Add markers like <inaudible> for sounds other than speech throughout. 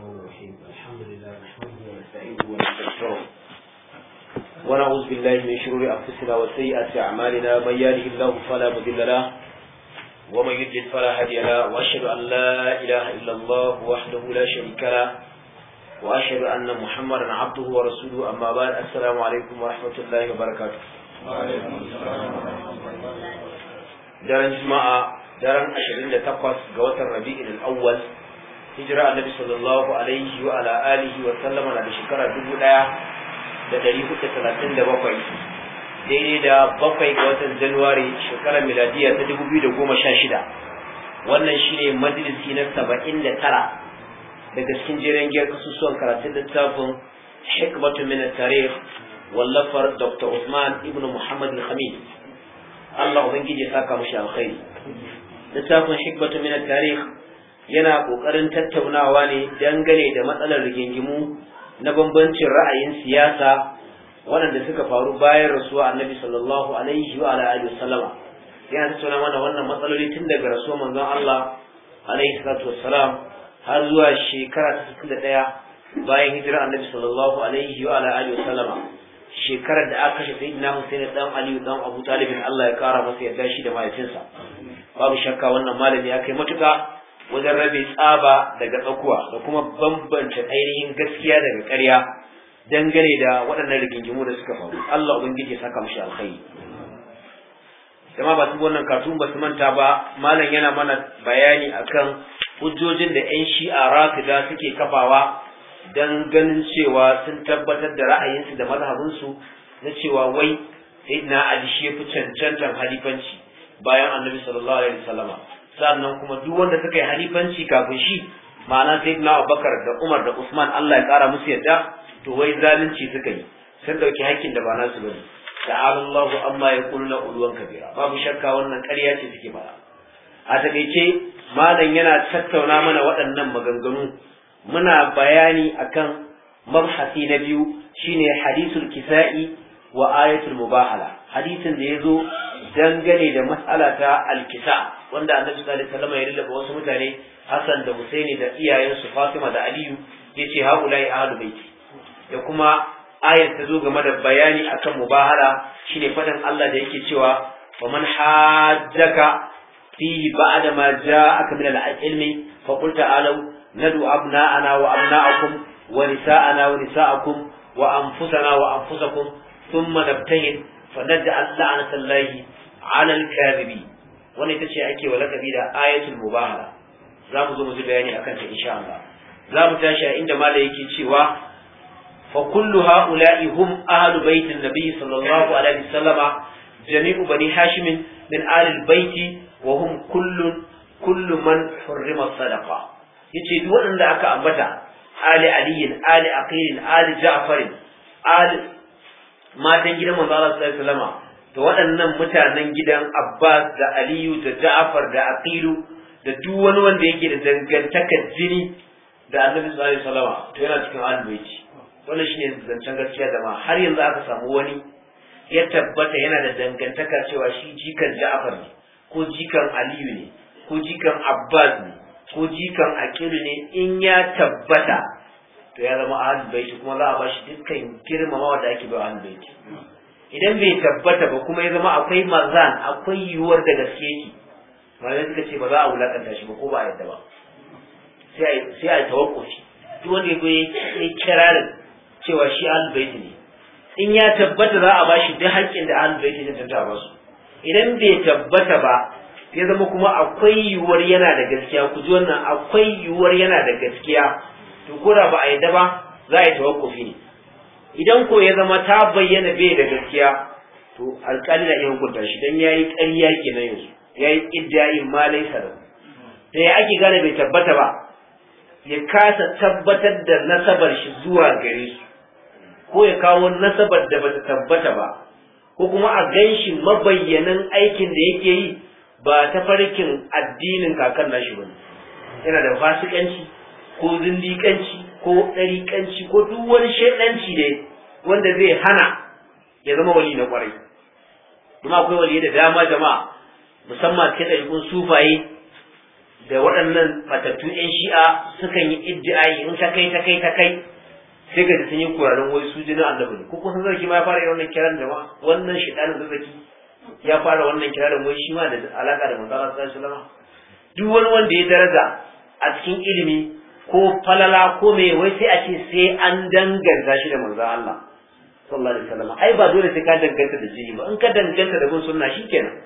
الرحمن الرحيم الحمد لله نحمده ونستعينه ونستغفره ونعوذ بالله من شرور انفسنا وسيئات اعمالنا من يهده الله فلا مضل له ومن يضلل فلا هادي له واشهد ان لا اله الا الله وحده لا شريك له واشهد ان محمدا عبده ورسوله اما بعد السلام عليكم ورحمه الله وبركاته وعليكم السلام ورحمه الله وبركاته daren juma'a daren 28 ga watan rabi'ul awwal hijira annabi sallallahu alaihi wa ala alihi wa sallama na da shekara dubu ɗaya da dari hudu talatin da bakwai daidai da bakwai ga watan januwari shekarar miladiya ta dubu biyu da goma sha shida wannan shine majalisi na saba'in da tara daga cikin jiran giyar kasusuwan karatun littafin hikmatu min tarikh wallafar dr usman ibn muhammad al-khamis allah ubangiji ya saka mushi alkhairi littafin hikmatu min tarikh yana ƙoƙarin tattaunawa ne dangane da matsalar rigingimu na bambancin ra'ayin siyasa waɗanda suka faru bayan rasuwa annabi sallallahu alaihi wa alihi wasallama yana tattauna mana wannan matsaloli tun daga rasuwa manzon Allah alaihi salatu wassalam har zuwa shekara ta ɗaya bayan hijira annabi sallallahu alaihi wa alihi wasallama shekarar da aka shafi sayyidina Husaini Ɗan Aliyu dan Abu talibin Allah ya kara masa yarda shi da mahaifinsa babu shakka wannan malami ya kai matuka. wajen rabe tsaba daga tsakuwa da kuma bambanta ainihin gaskiya daga karya, dangane da waɗannan rigingimu da suka faru Allah ubangiji ya saka mishi alkhairi jama'a ba su wannan katun ba su manta ba malam yana mana bayani akan hujjojin da yan shi'a rafida suke kafawa dan ganin cewa sun tabbatar da ra'ayinsu da mazhabinsu na cewa wai sayyidina ali shi ya fi cancantar halifanci bayan annabi sallallahu alaihi wasallama sannan kuma duk wanda suka yi halifanci kafin shi ma'ana sai na abakar da Umar da Usman Allah ya kara musu yadda to wai zalunci suka yi sun dauki hakkin da ba su bane ta'ala Allahu amma ya na uluwan kabira babu shakka wannan karya ce suke ba a takaice malam yana tattauna mana waɗannan maganganu muna bayani akan mabhasi na biyu shine hadisul kisa'i wa ayatul mubahala hadisin da yazo dangane da mas'ala ta alkisa wanda annabi sallallahu alaihi wasallam ya rillaba wasu mutane Hassan da Husaini da iyayensu Fatima da Aliyu yace haulai ahlul baiti da kuma ayar ta zo game da bayani akan mubahala shine fadan Allah da yake cewa wa man hajjaka fi ba'da ma ja'aka min al-ilmi fa qul ta'alu nadu abna'ana wa abna'akum wa nisa'ana wa nisa'akum wa anfusana wa anfusakum Sun nabtahil fa da la'nata Allahi 'ala al-kadhibi wannan ita ce ake wa lakabi da ayatul mubahala za mu zo mu ji bayani akan ta insha Allah za mu tashi a inda malai yake cewa fa kullu ha'ula'i hum ahlu baitin nabi sallallahu alaihi wasallama jami'u bani hashim min ahli baiti wa hum kullu kullu man hurrima sadaqa yace duk waɗanda aka ambata ali aliyin ali aqirin ali ja'farin ali matan gidan manzo Allah sallallahu alaihi wasallam to waɗannan mutanen gidan Abbas da Aliyu da Ja'far da Aqilu da duk wani wanda yake da dangantaka jini da Annabi sallallahu alaihi wasallam to yana cikin albayti wannan shine zancen gaskiya da ma har yanzu aka samu wani ya tabbata yana da dangantaka cewa shi jikan Ja'far ne ko jikan Aliyu ne ko jikan Abbas ne ko jikan Aqilu ne in ya tabbata to ya zama ahlul baiti kuma za a ba shi dukkan girmamawa da ake bai ahlul baiti idan bai tabbata ba kuma ya zama akwai mazan akwai yiwuwar da gaske yake malamai suka ce ba za a wulakanta shi ba ko ba a yadda ba sai a yi tawakkufi duk wanda ya kirarin cewa shi ahlul baiti ne in ya tabbata za a bashi duk haƙƙin da ahlul baiti ne tanta ba su idan bai tabbata ba ya zama kuma akwai yiwuwar yana da gaskiya ku ji wannan akwai yiwuwar yana da gaskiya to ko da ba a yadda ba za a yi tawakkufi ne idan ko ya zama ta bayyana bai da gaskiya to alƙali na iya hukunta shi dan yayi ƙarya kenan yanzu yayi iddai ma laisa da da ya ake gane bai tabbata ba ya kasa tabbatar da nasabar shi zuwa gare su ko ya kawo nasabar da bata tabbata ba ko kuma a ganshi mabayyanan aikin da yake yi ba ta farkin addinin kakan nashi ba yana da fasikanci ko zindiƙanci ko ɗariƙanci ko duk wani shaidanci ne wanda zai hana ya zama wali na ƙwarai kuma akwai wali da dama jama'a musamman cikin ɗariƙun sufaye da waɗannan fatattu 'yan shi'a sukan yi yi in ta kai ta kai ta kai sai ka sun yi kurarin wai su jinin annabi ne ko kun zarki ma ya fara yin wannan kiran da ma wannan da zaki ya fara wannan kiran wai shi ma da alaƙa da manzo Allah sallallahu alaihi wasallam duk wani wanda ya daraja a cikin ilimi ko falala ko me wai sai a ce sai an danganta shi da manzon Allah sallallahu alaihi wasallam ai ba dole sai ka danganta da jini ba in ka danganta da gun sunna shikenan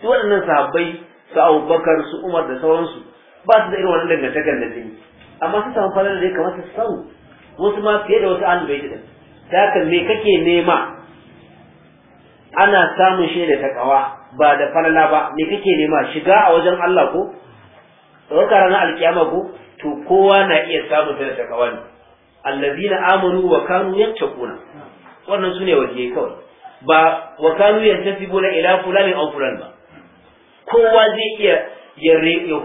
to waɗannan sahabbai su Abubakar su Umar da sauransu ba su da irin wannan dangantakar da jini amma su samu falala da ya su samu wasu ma fiye da wasu annabai da ta haka me kake nema ana samun shi da takawa ba da falala ba me kake nema shiga a wajen Allah ko ɗaukar ranar alkiyama ko to kowa na iya samun ta da takawa ne allazina amanu wa kanu yattaquna wannan sune waje kawai ba wa kanu bude ila fulani aw fulan ba kowa zai iya ya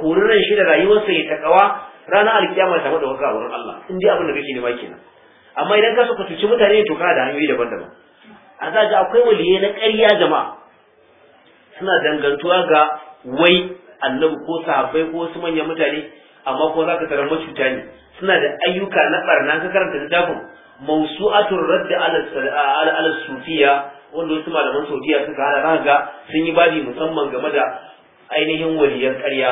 hori ran shi da rayuwarsa ya takawa ranar alkiyama ta samu da waka wurin Allah in dai abin da kake nema kenan amma idan ka saka tuci mutane to ka da hanyoyi daban-daban a za akwai waliyai na ƙarya jama'a suna dangantuwa ga wai annabu, ko sahabbai ko wasu manyan mutane amma kuma za ka tarar macuta ne suna da ayyuka na barna ka karanta littafin mawsu'atul radd ala ala sufiya wanda wasu malaman saudiya suka hada zaka ga sun yi babi musamman game da ainihin waliyar karya.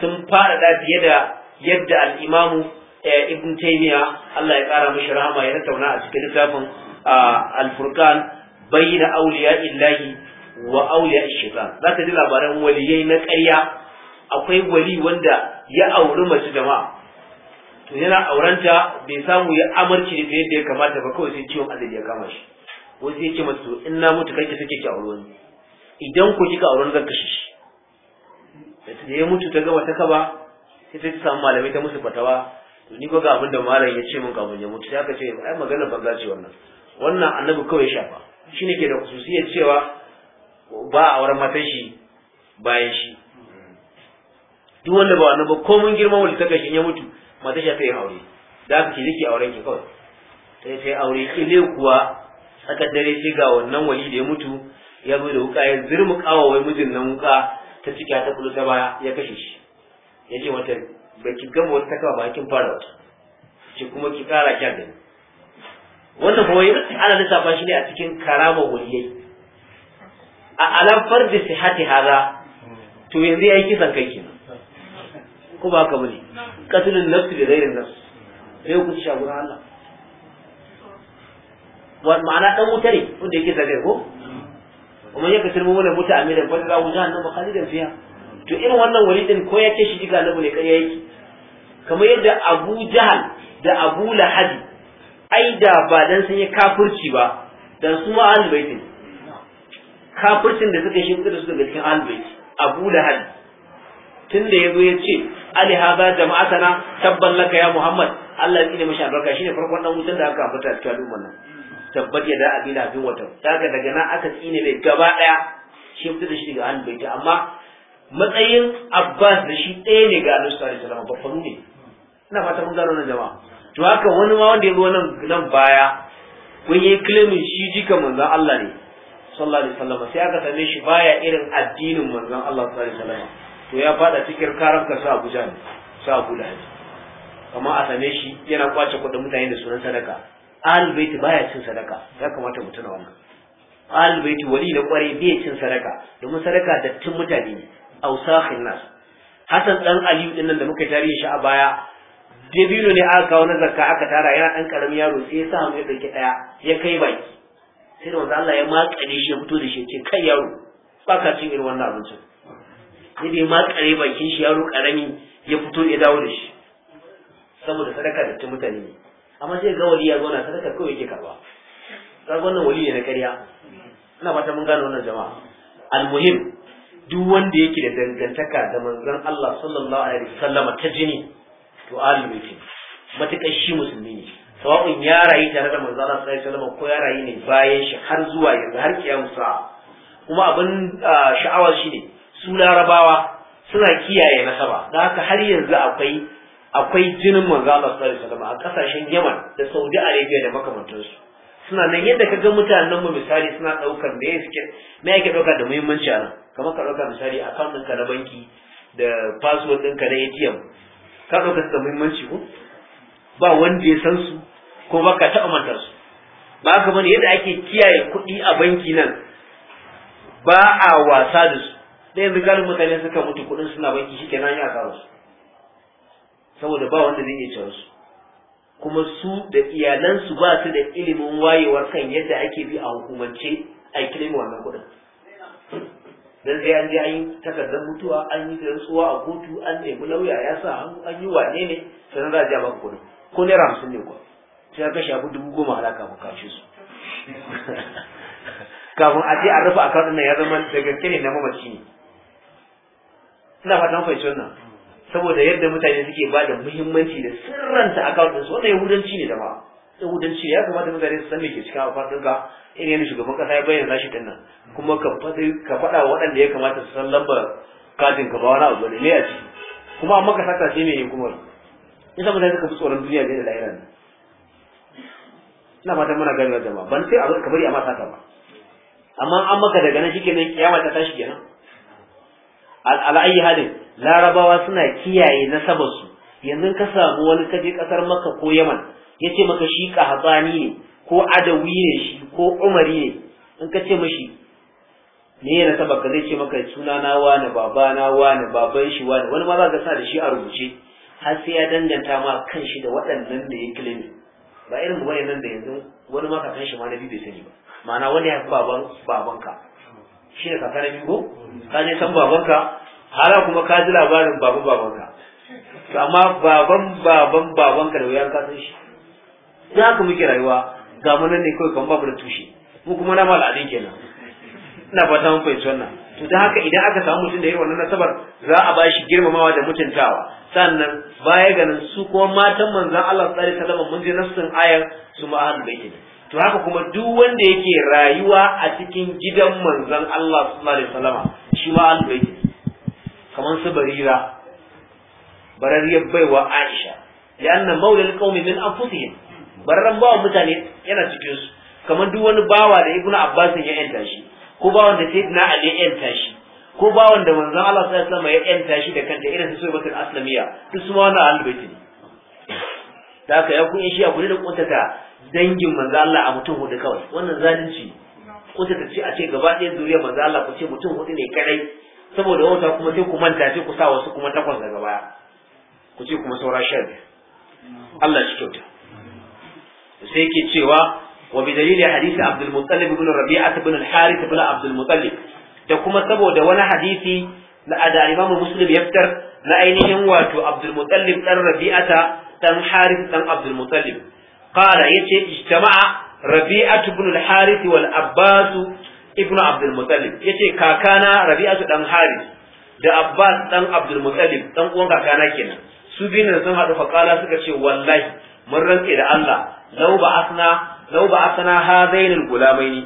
sun fara da fiye da yadda al-imamu eh, ibn taymiya Allah ya kara mishi rahama ya tattauna a cikin littafin al-furqan bayyana awliya illahi wa awliya shaitan zaka ji labaran waliyai na ƙarya akwai wali wanda ya auri mace jama'a to yana auranta bai samu ya amarci da yadda ya kamata ba kawai sai ciwon azabi ya kama shi wasu yake mace to in na mutu ki sake ki auri wani idan ku kika auri zan kashe shi da ya mutu ta gama ta kaba sai ta samu malamai ta musu fatawa to ni ko ga abin da malam ya ce min kafin ya mutu sai aka ce ai magana banza ce wannan wannan annabi kawai shafa shine ke da khususiyar cewa ba a auren matan shi bayan shi duk wanda ba wani ba ko mun girman wani takan shi ya mutu mata shi ta yi aure da ka ce zai auren ki kawai sai ta yi aure ne kuwa tsakar dare sai ga wannan wali da ya mutu ya zo da wuka ya zirmu kawawai mijin nan wuka ta ciki ta kulu ta baya ya kashe shi ya ce wata ba ki gama wata takawa ba kin fara wata ce kuma ki kara kyan gani wannan kawai ana lissafa shi ne a cikin karama waliyai a alamfar da sihati haza to yanzu ya yi kisan kai ko ba ka bane qatlun nafsi da ghairi nafs sai ku ci gurin Allah wa ma'ana dan wuta ne wanda yake zagaye ko kuma yake tilmu wala muta amira fa da wuta nan ba khalidan fiya to irin wannan walidin ko ya ce shi diga nabu ne kai yake kamar yadda Abu Jahal da Abu Lahab ai da ba dan sun yi kafirci ba dan su ma ahlul kafircin da suka shi da su daga cikin ahlul bait Abu Lahab tunda yazo ya ce ali hadha jama'atana tabban laka ya muhammad Allah ya tsine mashi albarka shine farkon dan wutan da aka fita cikin al'umma nan tabbat ya da abila bin wata daga daga nan aka tsine mai gaba daya shi fitar da shi daga hannun ta, amma matsayin abbas da shi ɗaya ne ga annabi sallallahu alaihi wasallam babban ne ina fata mun gano nan jama'a to haka wani ma wanda ya zo nan nan baya kun yi kilimin shi jika manzon Allah ne sallallahu alaihi wasallam sai aka same shi baya irin addinin manzon Allah sallallahu alaihi wasallam to ya fada cikin karanka su Abuja ne su Abuja ne amma a same shi yana kwace kuɗin mutane da sunan sadaka Ahlul Bait baya cin sadaka ya kamata mu tuna wannan Ahlul Bait wali da kware bai cin sadaka domin sadaka dattin mutane ne ausahin nas Hassan dan Aliyu din nan da muka tarihi shi a baya dabino ne aka kawo na zakka aka tara yana dan karamin yaro sai ya sa mu ya daya ya kai baki sai da wanda Allah ya ne shi ya fito da shi ce kai yaro baka cin irin wannan abincin sai da ya makare bakin shi yaro karami ya fito ya dawo da shi saboda sadaka da ta mutane ne amma sai ga wali ya zauna sadaka kawai yake karba kaga wannan wali ne na ƙarya ina fata mun gane wannan jama'a almuhim duk wanda yake da dangantaka da manzon Allah sallallahu alaihi wasallam ta jini to ahlul baiti matakan shi musulmi ne sawa'un ya rayu tare da manzon Allah sallallahu alaihi wasallam ko ya rayu ne bayan shi har zuwa yanzu har kiyamu sa'a kuma abin ah, sha'awar shi ne su larabawa suna kiyaye nasaba da haka har yanzu akwai akwai jinin manzo Allah sallallahu alaihi wasallam a kasashen Yemen da Saudi Arabia da makamantansu suna nan yadda ka ga mutanen mu misali suna daukar da ya suke me yake dauka da muhimmanci a nan kamar ka dauka misali account ɗinka na banki da password ɗinka na ATM ka dauka da muhimmanci ko ba wanda ya san su ko ba ka taɓa mantar su ba ka bane yadda ake kiyaye kuɗi a banki nan ba a wasa da su da yanzu galin mutane suka mutu kuɗin suna banki shi kenan ya asara su saboda ba wanda zai iya cewa su kuma su da iyalansu ba su da ilimin wayewar kan yadda ake bi a hukumance a kilimi wannan kuɗin dan sai an je an yi takardar mutuwa an yi rantsuwa a kotu an nemi lauya ya sa hannu an yi wane ne sannan za a ja maka kuɗin ko naira hamsin ne kuwa sai aka shafi dubu goma alaka kafin kashe su <laughs> kafin a je a rufe akawun nan ya zama da gaske ne na mamaci ne ina fatan fahimci wannan saboda yadda mutane suke ba da muhimmanci da sirranta kawo su wannan yahudanci ne da ma yahudanci ya kamata mutane su san me ke cikin fatan ka in yana shugaban kasa ya bayyana shi nan kuma ka faɗa ka waɗanda ya kamata su san lambar katin ka ba wani abu ne a ciki kuma amma ka saka ce mai hukumar ita mutane suka fi tsoron duniya da lahira ne ina fatan muna ganewa jama'a ban sai a kamar a ma sata ba amma an maka daga nan kenan kiyama ta tashi kenan al'ayi halin larabawa suna kiyaye nasabar su, yanzu ka samu wani kaje kasar maka ko yaman ya ce maka shi kahatsani ne ko adawi ne shi ko umari ne in ka ce mashi me ya nasaba ka zai ce maka suna na wani baba na wani baban shi wani wani ma za ka sa da shi a rubuce har sai ya danganta ma kan shi da waɗannan da ya kilimi ba irin nan da yanzu wani ma ka kan shi ma na biyu bai sani ba ma'ana wani ya fi baban babanka shi ne kaka biyu ko ka je san babanka hala kuma ka ji labarin baban babanka to amma baban baban babanka da wuyan ka san shi ya ka muke rayuwa ga mu nan ne kawai kan babu da tushe mu kuma na mal adin kenan ina fata mun fahimci wannan to dan haka idan aka samu mutum da irin wannan nasabar za a bashi girmamawa da mutuntawa sannan baya ganin su kuma matan manzon Allah tsare ta wasallam mun je nassin ayar su ma ahlul bait to haka kuma duk wanda yake rayuwa a cikin gidan manzon Allah sallallahu alaihi wasallama shi ma albaiti kamar su barira barariyar baiwa Aisha anna maulal qaumi min anfusihim barran bawa mutane yana cikin su kamar duk wani bawa da Ibnu Abbas ya yanta shi ko bawan da Sayyidina Ali ya yanta shi ko bawan da manzon Allah sallallahu alaihi wasallama ya yanta shi da kanta irin su Suratul Aslamiya duk su ma wannan albaiti ne da haka ya kun shi a kuli da kuntata dangin manzo Allah a mutum hudu kawai wannan zalunci ko ta ce a ce gaba ɗaya zuriyar manzo Allah ku ce mutum hudu ne kadai saboda wata kuma sai ku manta sai ku sa wasu kuma takwas daga baya ku ce kuma saura sha Allah shi kyauta sai yake cewa wa bi dalili hadisi Abdul Muttalib ibn Rabi'a ibn al-Harith ibn Abdul Muttalib da kuma saboda wani hadisi na da Imam Muslim yaftar na ainihin wato Abdul Muttalib dan Rabi'ata dan Harith dan Abdul Muttalib قال يتي اجتمع ربيعة بن الحارث والعباس ابن عبد المطلب يتي كاكانا ربيعة بن الحارث da Abbas dan Abdul Muttalib dan uwan kakana kenan su biyun sun haɗu faƙala suka ce wallahi mun rantse da Allah law ba asna law ba asna gulamaini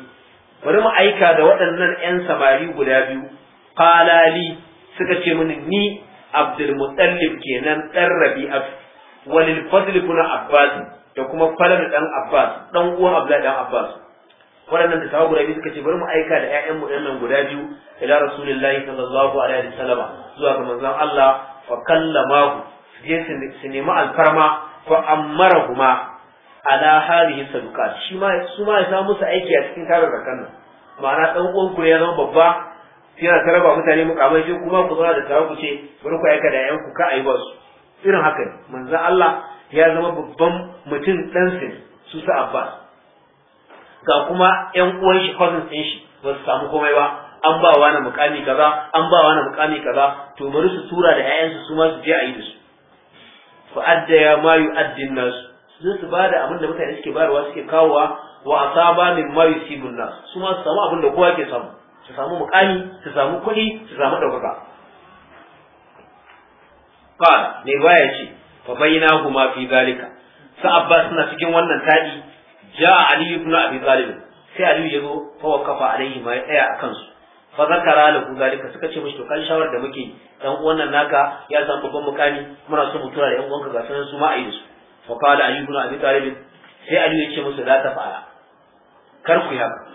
bari mu aika da waɗannan ƴan samari guda biyu qalali suka ce mini ni Abdul Muttalib kenan dan Rabi'atu, walil Fadl kuna Abbas da kuma falal dan Abbas dan uwan Abdullahi dan Abbas waɗannan da sahabu rabi suka ce bari mu aika da ƴaƴan mu ɗan nan guda biyu ila rasulullahi sallallahu alaihi wasallam zuwa ga manzon Allah fa kallamahu je su nemi alfarma fa kuma ala halihi saduqat shi ma su ma ya samu musu aiki a cikin tarar rakan nan ma'ana dan uwan ku ya zama babba yana ta raba mutane mukamai shi kuma ku zauna da tarar ku ce bari ku aika da ƴaƴan ku ka ayi su irin haka manzon Allah ya zama babban mutum ɗansa su sa abbas ga kuma yan uwan shi cousins ɗin shi ba su samu komai ba an ba wa na mukami kaza an ba wa na mukami kaza to bari su tura da 'ya'yansu su ma su je a yi da su fa adda ya ma addin nas su su bada abin da mutane suke bayarwa suke kawowa wa asaba min ma yusibun nas su ma su samu abin da kowa ke samu su samu mukami su samu kuɗi su samu ɗaukaka qala ne baya ce fa bainahuma fi zalika sa abbas suna cikin wannan tadi ja ali ibn abi talib sai ali ya zo fa wakafa alaihi ma ya tsaya akan su fa zakara lahu zalika suka ce mishi to kan shawar da muke dan uwan naka ya san babban mukami muna so mu tura da yan uwanka ga sanan su ma ayi su fa qala ali ibn abi talib sai ali ya ce musu la ta fara kar ku yaba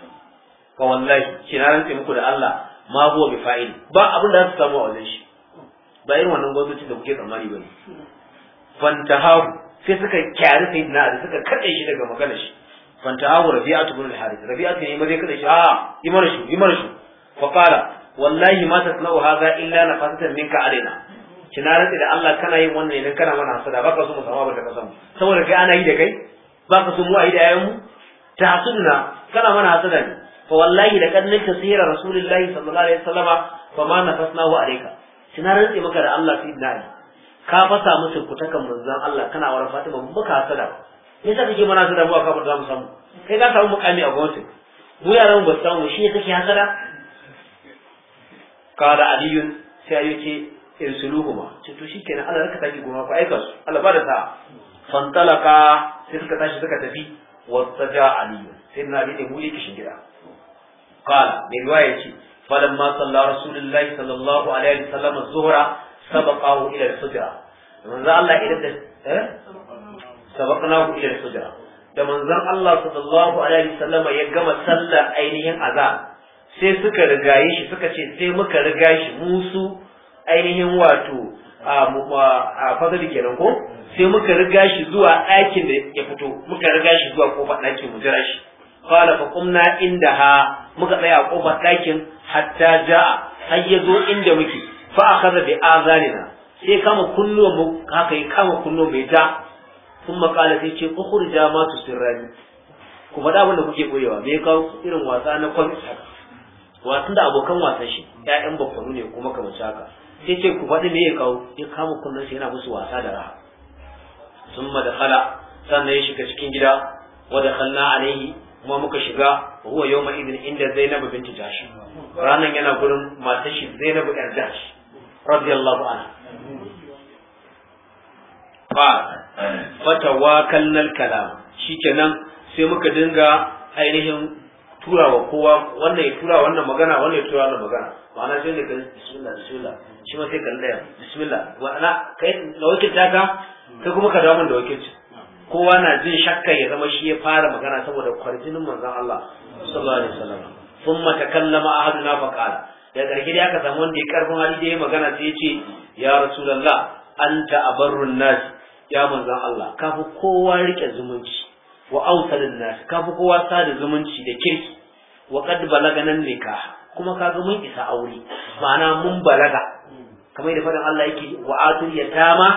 fa wallahi kina rantse muku da Allah ma huwa bi fa'il ba abin da za su samu a wajen shi ba irin wannan gwamnati da kuke tsammani ba ne fantahahu sai suka kyari sayyidina ali suka katse shi daga maganar shi fantahahu rabi'atu bin al-harith rabi'atu ne ma zai katse shi a ah, yi mana shi yi mana shi fa qala wallahi ma tasna'u hadha illa nafasatan minka alaina kina rantsi da Allah kana yin wannan idan kana mana hasada baka so mu samu abin da ka samu saboda kai ana yi da kai baka so mu a yi da yayin mu ta hasuduna kana mana hasada ne fa wallahi da kadnin tasira rasulullahi sallallahu alaihi wasallama fa ma nafasnahu alayka kina rantsi maka da Allah sayyidina ali ka fasa musu kutakan manzon Allah kana wurin Fatima mu ka hasada ba me yasa kake mana hasada mu ka fata mu samu kai ka samu mukami a gwamnati mu yaran ba samu shi ne kake hasada kada Aliyu sai ayu ce irsuluhuma ce to shikenan Allah raka taki goma ku aika su Allah ba da sa fantalaka sai suka tashi suka tafi wattaja Aliyu. sai na bi ne mu yake shin gida قال من رواية فلما صلى رسول الله صلى الله عليه وسلم الظهر sabaqahu ila al-sujra manzon Allah idan da eh? sabaqnahu ila al-sujra da manzon Allah sallallahu alaihi wasallama ya gama sallar ainihin azan sai suka rigaye shi suka ce sai muka riga shi musu ainihin wato a fadar kenan ko sai muka riga shi zuwa ɗakin da ya fito muka riga shi zuwa kofar ɗakin mu jira shi qala fa qumna indaha muka tsaya a kofar ɗakin hatta ja har ya zo inda muke fa akhadha bi azalina sai kama kunnuwan mu haka ya kama kunnuwan mai ja sun makala sai ce ukhrija ma tusirrani ku faɗa abin da kuke boyewa me ya kawo irin wasa na kwan wasan da abokan wasan shi ƴaƴan bakwanu ne kuma kamar haka sai ce ku faɗi me ya kawo ya kama kunnan sai yana musu wasa da raha sun kala, sannan ya shiga cikin gida wa dakhalna alaihi kuma muka shiga huwa yawma idin inda zainabu binti Jashi ranan yana gurin matashi Zainabu Zainab ƴar Jashi radiyallahu anhu fa fatawakkal kalam shikenan sai muka dinga ainihin turawa kowa wannan ya tura wannan magana wannan ya tura wannan magana ma'ana sai ne ka bismillah bismillah shi ma sai ka daya, bismillah ma'ana kai da wakilta taka kai kuma ka dawo da wakilci kowa na jin shakka ya zama shi ya fara magana saboda kwarjinin manzon Allah sallallahu alaihi wasallam kuma takallama ahaduna fa qala da ƙarfi da aka samu wanda ya karfin hali da ya magana sai ya ce ya rasulullah anta abarrun nas ya manzan Allah kafi kowa rike zumunci wa awsalin nas kafi kowa sada zumunci da kirki wa qad ne ka kuma kaga mun isa aure ma'ana mun balaga kamar da faɗin Allah yake wa atul yatama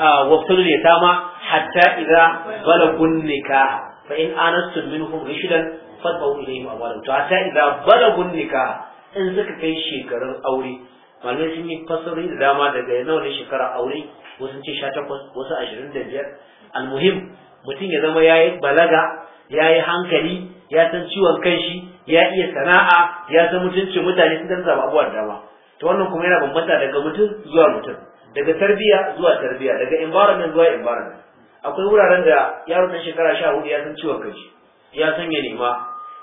وابتلوا اليتامى حتى إذا بلغوا النكاح فإن آنستم منهم رشدا فادفعوا إليهم أموالهم حتى إذا بلغوا النكاح in suka kai shekarun aure malamai sun yi fasarori da dama daga yana wani shekara aure wasu ce sha takwas wasu ashirin da biyar almuhim mutum ya zama ya yi balaga ya yi hankali ya san ciwon kanshi ya iya sana'a ya san ce mutane sun zama abubuwa dama to wannan kuma yana bambanta daga mutum zuwa mutum daga tarbiyya zuwa tarbiyya, daga environment zuwa environment akwai wuraren da yaro na shekara sha hudu ya san ciwon kanshi ya san ya nema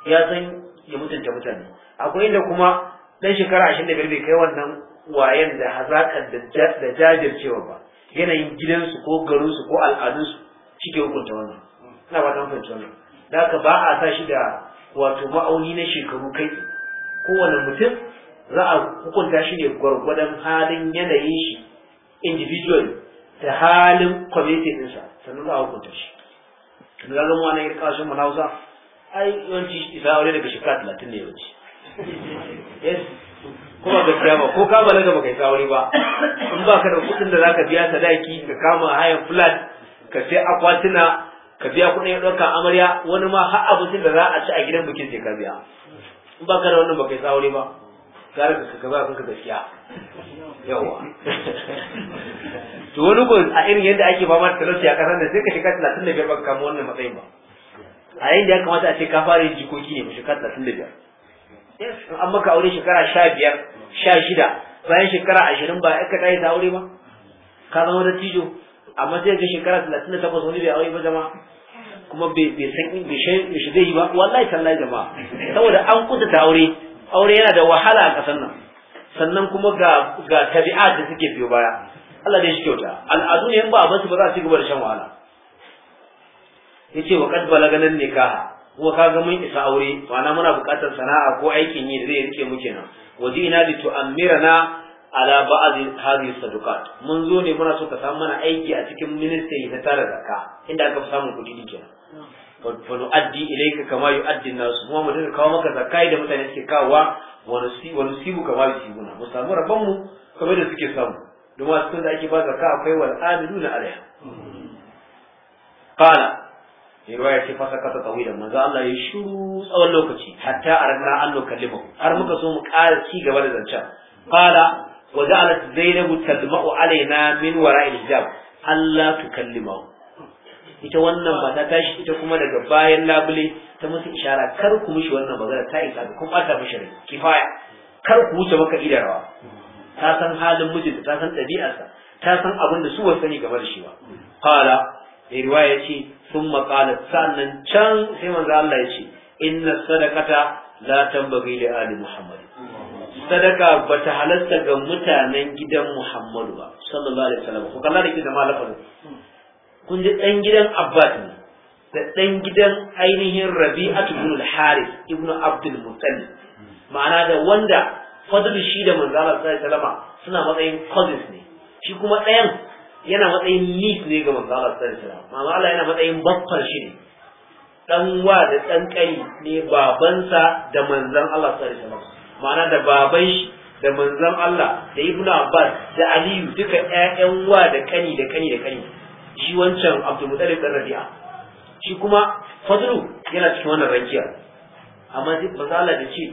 ya san ya mutunta mutane akwai inda kuma dan shekara ashirin da biyar bai kai wannan wayan da hazakar da jajircewa ba yanayin gidansu ko garinsu ko al'adunsu shi hukunta wannan ina ba ta hukunta wannan da haka ba a sa shi da wato ma'auni na shekaru kai kowane mutum za a hukunta shi ne gwargwadon halin yanayin shi individual da halin community ɗinsa sannan za a hukunta shi da zama wani ya kashin mu na hausa ai yawanci isa aure daga shekara talatin ne yawanci Eh, kuma gaskiya ba ko ka balaga baka isa sauri ba in ba ka da kuɗin da zaka biya sadaki ka kama hayan flat ka sai akwatuna ka biya kuɗin ɗauka amarya wani ma har abincin da za a ci a gidan bikin sai ka biya in ba ka da wannan baka sauri ba gara ka ka ba kanka gaskiya yawa to wani ko a irin yadda ake fama da talauci a kasar da sai ka shiga talatin da biyar ba ka kama wannan matsayin ba a yayin da ya kamata a ce ka fara yin jikoki ne mu shiga talatin da biyar in an maka aure shekara sha biyar sha shida bayan shekara ashirin ba ka tashi ta aure ba ka zama da tijo amma zai ga shekara talatin da takwas wani bai aure ba jama kuma bai san in bai shi zai yi ba wallahi tallahi jama saboda an kuta ta aure aure yana da wahala a ƙasar nan sannan kuma ga ga tabi'at da suke biyo baya Allah dai shi kyauta al'adu ne in ba a basu ba za su ci gaba da shan wahala yace wa qad balaganan nikaha kuma ka ga mun isa aure ma'ana muna buƙatar sana'a ko aikin yi da zai rike mu kenan wajina li tu'ammirana ala ba'd hadhihi sadaqat mun zo ne muna so ka samu mana aiki a cikin ministry na tara zakka inda aka fi samun kuɗi kenan fa addi ilayka kama yu'addi an-nas kuma mu dinga kawo maka zakai da mutane suke kawowa wa nusibu kama yusibuna mu samu rabban mu kamar da suke samu domin a cikin da ake ba zakka akwai wal na alaiha qala sai ce fasa kasa tawilan manzo Allah ya shiru tsawon lokaci hatta arna an lokalima har muka so mu ƙara ci gaba da zancen qala wa ja'alat zainabu tadma'u alaina min wara'il hijab Allah tukallimahu ita wannan mata ta ita kuma daga bayan labule ta musu ishara kar ku mishi wannan magana ta isa ku bata mishi rai kifaya kar ku wuce maka idarawa ta san halin mijinta ta san ɗabi'arsa ta san abin da su wasu sani da shi ba qala riwaya ce sun maƙala sannan can sai manzo Allah ya ce inna sadakata la tambaghi li ali muhammad sadaka bata halatta ga mutanen gidan muhammadu ba sallallahu alaihi wasallam ko kallon da ke zama lafazin kun ji dan gidan abbas ne da dan gidan ainihin rabi'atu ibn al-harith ibn abdul muttalib ma'ana da wanda fadlu shi da manzo Allah sallallahu alaihi wasallam suna matsayin cousins ne shi kuma ɗayan yana matsayin nis ne ga manzo Allah sallallahu alaihi wasallam manzo Allah yana matsayin baffar shi ne dan wa da dan kai ne babansa da manzon Allah sallallahu alaihi wasallam ma'ana da baban shi da manzon Allah da Ibnu Abbas da Aliyu duka ƴaƴan wa da kani da kani da kani shi wancan Abdul Muttalib dan Rabi'a shi kuma Fadlu yana cikin wannan rakiya amma duk manzo da ce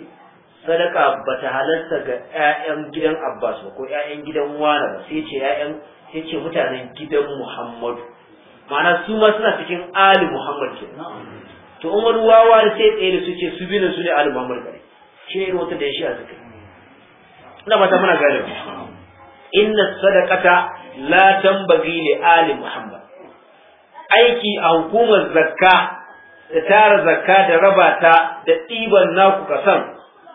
sadaka bata halarta ga ƴaƴan gidan Abbas ba ko ƴaƴan gidan Wana ba sai ce ƴaƴan ce mutanen gidan Muhammadu ma'ana su ma suna cikin ali Muhammad ke to Umar wawa da sai tsaye da su ce su binin su ne ali Muhammad kare shi ne wata da ya shi a zikin ina mata muna gane inna sadaqata la tambaghi li ali Muhammad aiki a hukumar zakka da tara zakka da raba ta da ɗiban naku kasan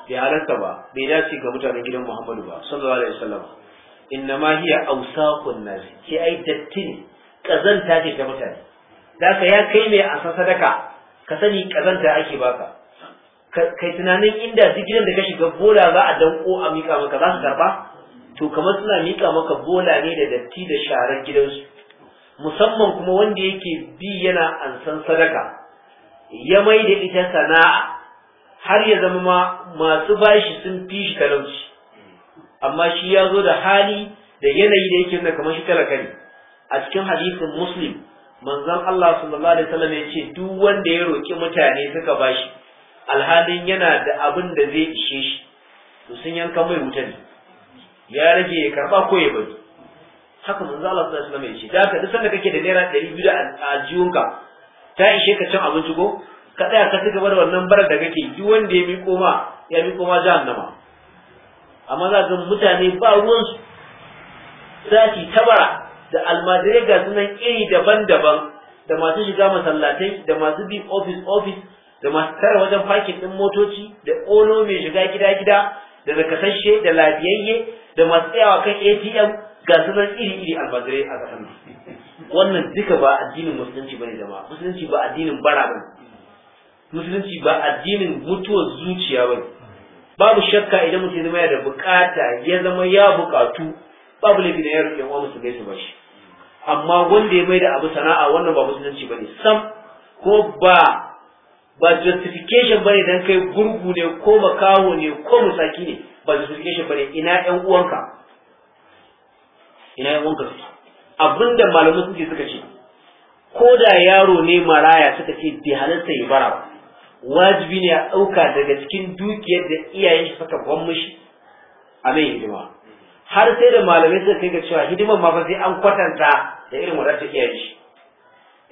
bai halarta ba bai dace ga mutanen gidan Muhammadu ba sallallahu alaihi wasallam innama hiya awsaqun nas ki ai dattin ne kazanta ce ta mutane daka ya kai mai asa sadaka ka sani kazanta ake baka kai tunanin inda duk gidan da ka shiga bola za a danko a mika maka za su karba to kamar suna mika maka bola ne da datti da sharar gidansu musamman kuma wanda yake bi yana ansan sadaka ya mai da ita sana'a har ya zama ma masu bashi sun fi shi talauci amma shi ya zo da hali da yanayi da yake nan kamar shi talaka ne a cikin hadisin muslim manzon Allah sallallahu alaihi wasallam ya ce duk wanda ya roki mutane suka bashi alhalin yana da abin da zai ishe shi to sun yanka mai wuta ne ya rage ya karba ko ya bari haka manzon Allah sallallahu alaihi wasallam ya ce da haka duk sanda kake da naira 200 a ajiyunka ta ishe ka cin abinci ko ka tsaya ka ci gaba da wannan barar da kake duk wanda ya bi ma ya miƙo ma jahannama amma za ga mutane ba ruwansu sati tabara da almajirai ga sunan iri daban-daban da masu shiga masallatai da masu bin ofis ofis da masu tara wajen fakin ɗin motoci da ono mai shiga gida-gida da nakasashe da lafiyayye da masu tsayawa kan atm ga sunan iri-iri almajirai a ƙasar wannan duka ba addinin musulunci bane jama'a musulunci ba addinin bara bane musulunci ba addinin mutuwar zuciya bane babu shakka idan mutum zama da bukata ya zama ya bukatu babu laifi da ya rufe wa musulmai ba shi. amma wanda ya mai da abu sana'a wannan ba musulunci bane sam ko ba ba justification bane dan kai gurgu ne ko makaho ne ko musaki ne ba justification bane ina yan uwanka ina yan uwanka suke abinda malamai suke suka ce ko da yaro ne maraya suka ce bai halarta ya bara ba wajibi ne a ɗauka daga cikin dukiyar da iyayen shi suka ban mishi a mai hidima har sai da malamai suka kai ga cewa hidimar ma fa sai an kwatanta da irin wadatar iyayen shi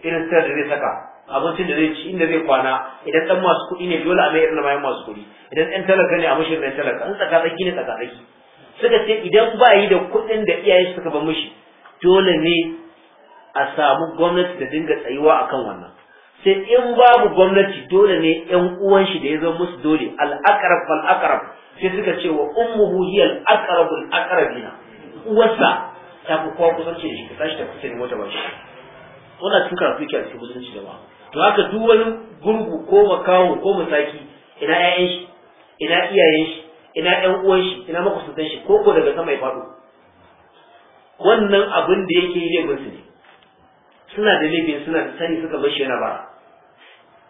irin sitar da zai saka abincin da zai ci inda zai kwana idan ɗan masu kuɗi ne dole a mai irin bayan masu kuɗi idan ɗan talaka ne a mashi ɗan talaka in tsaki ne tsaki suka ce idan ba yi da kuɗin da iyayen suka ban mishi dole ne a samu gwamnati da dinga tsayuwa akan wannan sai in babu gwamnati dole ne ƴan uwan shi da ya zama musu dole al-aqrab fal aqrab sai suka ce wa ummuhu hiya al-aqrab al-aqrabina uwarsa ta fi kowa kusanci da shi ta tashi ta kusa ne wata ba shi wannan cikin karatu yake a cikin musulunci da ba to haka duk wani gurgu ko makawo ko musaki ina ƴaƴan shi ina iyayen shi ina ƴan uwan shi ina makusantan shi ko ko daga sama ya faɗo wannan abin da yake yi ne suna da laifin suna da sani suka bar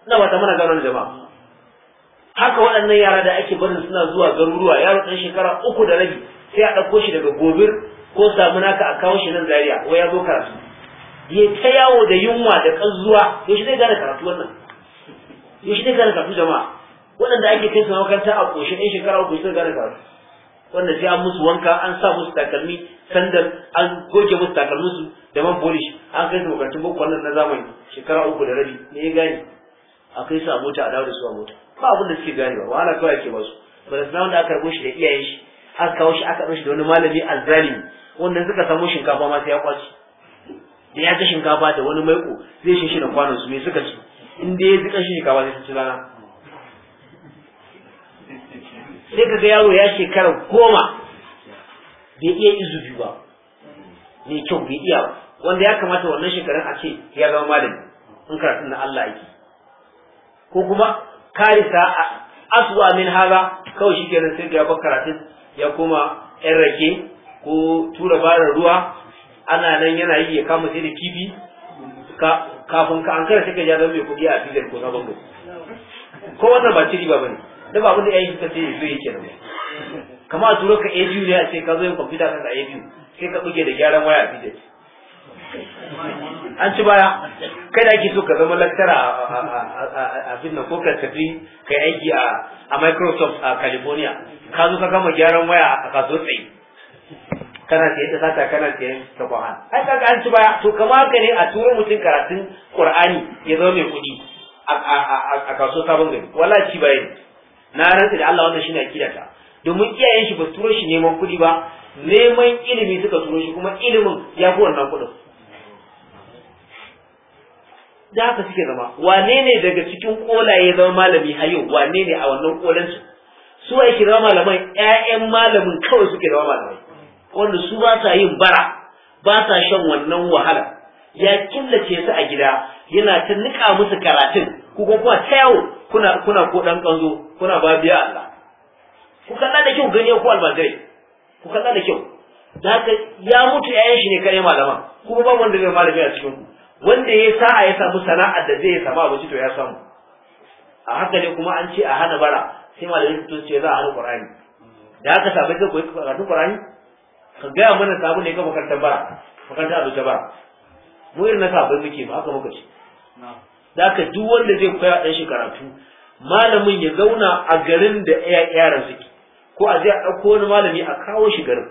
na yana bara ina ba ta mana gano jama'a haka waɗannan yara da ake barin suna zuwa garuruwa yaro ɗan shekara uku da rabi sai a ɗauko shi daga gobir ko samuna ka a kawo shi nan zaria ko ya zo karatu ya ta yawo da yunwa da ƙazuwa shi zai gane karatu wannan shi zai gane karatu jama'a waɗanda ake kai su makaranta a ƙoshin ɗan shekara uku zai gane karatu wannan sai an musu wanka an sa musu takalmi Sandar, an goge musu takalmin su da man polish an kai su makarantun boko wannan na zamani shekara uku da rabi ne ya gane a kai su a mota a dawo da su a mota ba abin da suke gane ba ana kawai ake ba da sanar wanda aka rabu shi da iyayen shi aka kawo shi aka shi da wani malami azzalimi wanda suka samu shinkafa ma sai ya kwaci da ya ta shinkafa da wani maiko zai shi shi da kwanon su me suka ci in dai ya ji kan shinkafa zai ci rana sai ka ga yaro ya shekara goma bai iya izubi ba ne kyau bai iya ba wanda ya kamata wannan shekarun a ce ya zama malami in karatun na Allah yake ko kuma karisa aswa min haza kawai shi kenan sai ya bar karatun ya kuma yan rake ko tura barar ruwa ana nan yana yi ya kama sai da kifi kafin ka an kara sai ka ja zama mai kuɗi a filin ko sabon ko wannan ba ciri ba bane da ba abin da yayin suka ce zai yake nan kama a turo ka ABU ne a ce ka zo yin kwamfuta kan ka ABU sai ka buge da gyaran waya a bidet an ci baya kai da ake so ka zama laktara a fin nan ko ka tafi ka yi aiki a Microsoft a California ka zo ka gama gyaran waya a kaso tsaye kana siyan ta sata kana siyan ta Qur'an ai kaga an ci baya to kama haka ne a turo mutum karatun Qur'ani ya zama mai kuɗi a kaso sabon gari Wala ci baya na rantsi da Allah wannan shine akidata domin iyayen shi ba su turo shi neman kuɗi ba neman ilimi suka turo shi kuma ilimin ya fi wannan kuɗin da haka suke zama wane ne daga cikin ƙolaye zama malami hayo wane ne a wannan ƙolansu su a shi zama malaman ƴaƴan malamin kawai suke zama malamai wanda su ba sa yin bara ba sa shan wannan wahala ya killace su a gida yana ta nika musu karatun ku kuma ta yawo kuna kuna ko ɗan ƙanzo kuna ba biya Allah ku kalla da kyau gani ku almajirai ku kalla da kyau da haka ya mutu yayan shi ne kare malama kuma ba wanda zai malami a cikin ku wanda ya sa'a ya samu sana'ar da zai samu abinci to ya samu a haka ne kuma an ce a hana bara sai malami su ce za a hana qur'ani da haka sabai zai koyi karatun qur'ani ka gaya mana sabu ne ga makarantar bara makarantar abinci bara mu irin na sabai muke ba haka muka ce da haka duk wanda zai koya dan shi karatu malamin ya zauna a garin da yaran suke ko a je a ɗauko wani malami a kawo shi garin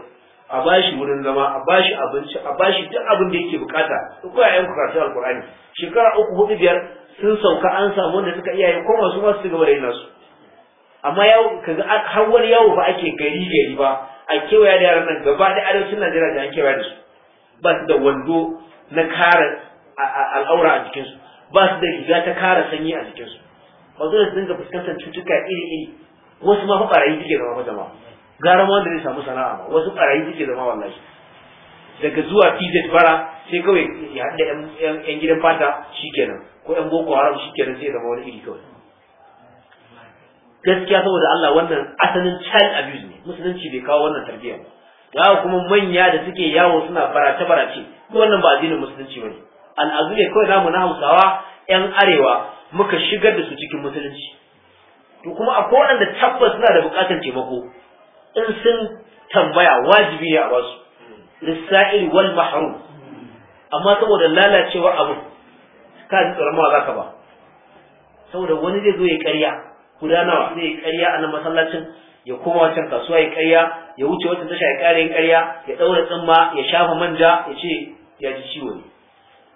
a bashi wurin zama a bashi abinci a bashi duk abin da yake bukata duk a yan karatu alkur'ani shekara uku hudu biyar sun sauka an samu wanda suka iya yin ko masu ma su gaba da yin nasu amma yawo kaga har wani yawo ba ake gari gari ba a kewaya da yaran nan gaba da arewacin Najeriya da an kewaya da su ba su da wando na kare al'aura a jikinsu ba su da riga ta kare sanyi a jikinsu ba su dinga fuskantar cutuka iri iri wasu ma fa suke zama ba jama'a gara ma wanda zai samu sana'a ba wasu barayi suke zama wallahi daga zuwa PZ bara sai kawai ya haɗa yan gidan fata shikenan ko yan boko haram shikenan sai zama wani iri kawai gaskiya saboda Allah wannan asalin child abuse ne musulunci bai kawo wannan tarbiyya ba ga kuma manya da suke yawo suna barace barace ko wannan ba addinin musulunci bane al'adu ne kawai zamu na Hausawa yan arewa muka shigar da su cikin musulunci to kuma akwai waɗanda tabbas suna da buƙatar taimako in sun tambaya wajibi ne a basu lissa'il wal mahrum amma saboda lalacewar abu ka ji tsoron mawa ka ba saboda wani zai zo ya karya guda nawa zai yi ƙarya a nan masallacin ya koma wancan kasuwa ya karya, ya wuce wata tasha ya ƙara yin ƙarya ya ɗaura tsimma ya shafa manja ya ce ya ji ciwo ne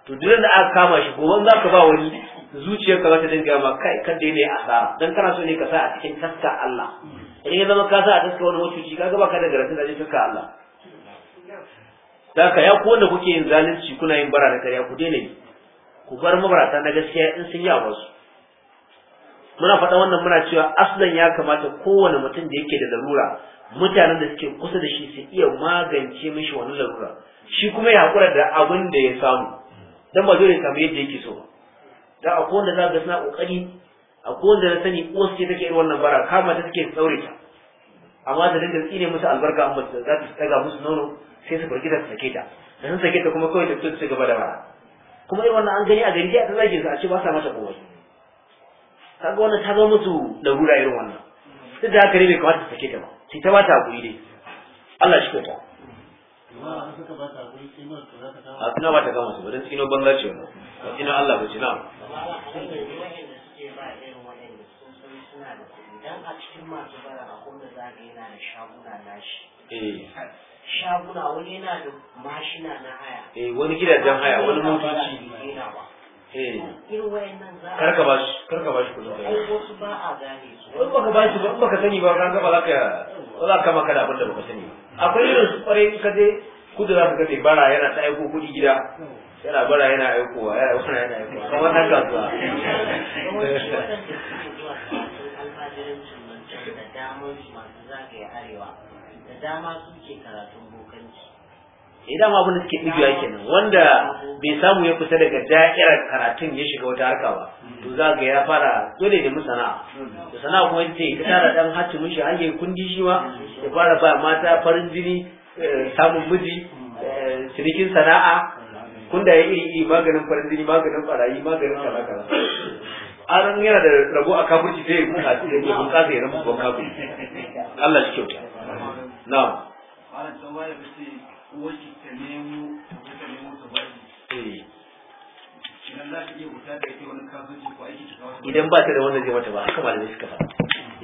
to duk da aka kama shi gobe za ka ba wani zuciyarka za ta dinga ma kai kan da a asara dan kana so ne ka sa a cikin taska Allah in ya zama ka sa a taska wani mutunci kaga ba ka da garantin da taska Allah Daka ya ku wanda kuke yin zalunci kuna yin bara da karya ku daina yi ku bar mabarata na gaskiya in sun yi wasu muna faɗa wannan muna cewa aslan ya kamata kowane mutum da yake da larura mutanen da suke kusa da shi su iya magance mishi wani larura shi kuma ya haƙura da abin da ya samu dan ba dole samu yadda yake so ba da akwai wanda za ga suna kokari akwai wanda na sani ko suke take irin wannan bara kama ta take tsaure ta amma da dinga tsine musu albarka amma da za ta daga musu nono sai su barki ta sake ta da sun sake ta kuma kawai ta tsotsi gaba da bara kuma irin wannan an gani a gari dai ta zage su a ce ba sa mata komai kaga wannan ta zo musu larura irin wannan duk da haka ne bai kamata ta sake ta ba sai ta ba ta hakuri dai Allah shi ta a suna ba ta kama ba tsino ce ba tsino Allah ba na eh. wani yana da mashina na haya eh wani gidajen haya wani motoci karka ba shi eh. karka ba shi kudin kai ba a gane su in baka ba shi ba baka sani ba ka ga ba za ka ba za ka maka da abin da baka sani ba akwai irin su kwarai in ka je kudu za ka ga bara yana ta aiko kudi gida yana bara yana aikowa yana aikowa yana aikowa kamar ta kasuwa da dama suke karatun bokanci idan eh, abin da suke ɗigiya kenan wanda bai samu ya kusa daga da'irar karatun ya shiga wata harka ba to za ga ya fara dole da musana da sana'a kuma ce ta tara dan hatimin mushi har yayi kundi shi ma ya fara ba mata farin jini eh, samun miji eh, cinikin sana'a kunda ya iri iri maganin farin jini maganin barayi maganin kala-kala. an yana da rabo a kafirci sai ya da ya kasa ya zama babban kafirci Allah shi kyauta na'am idan ba ta da wanda zai mata ba haka malamai suka faɗa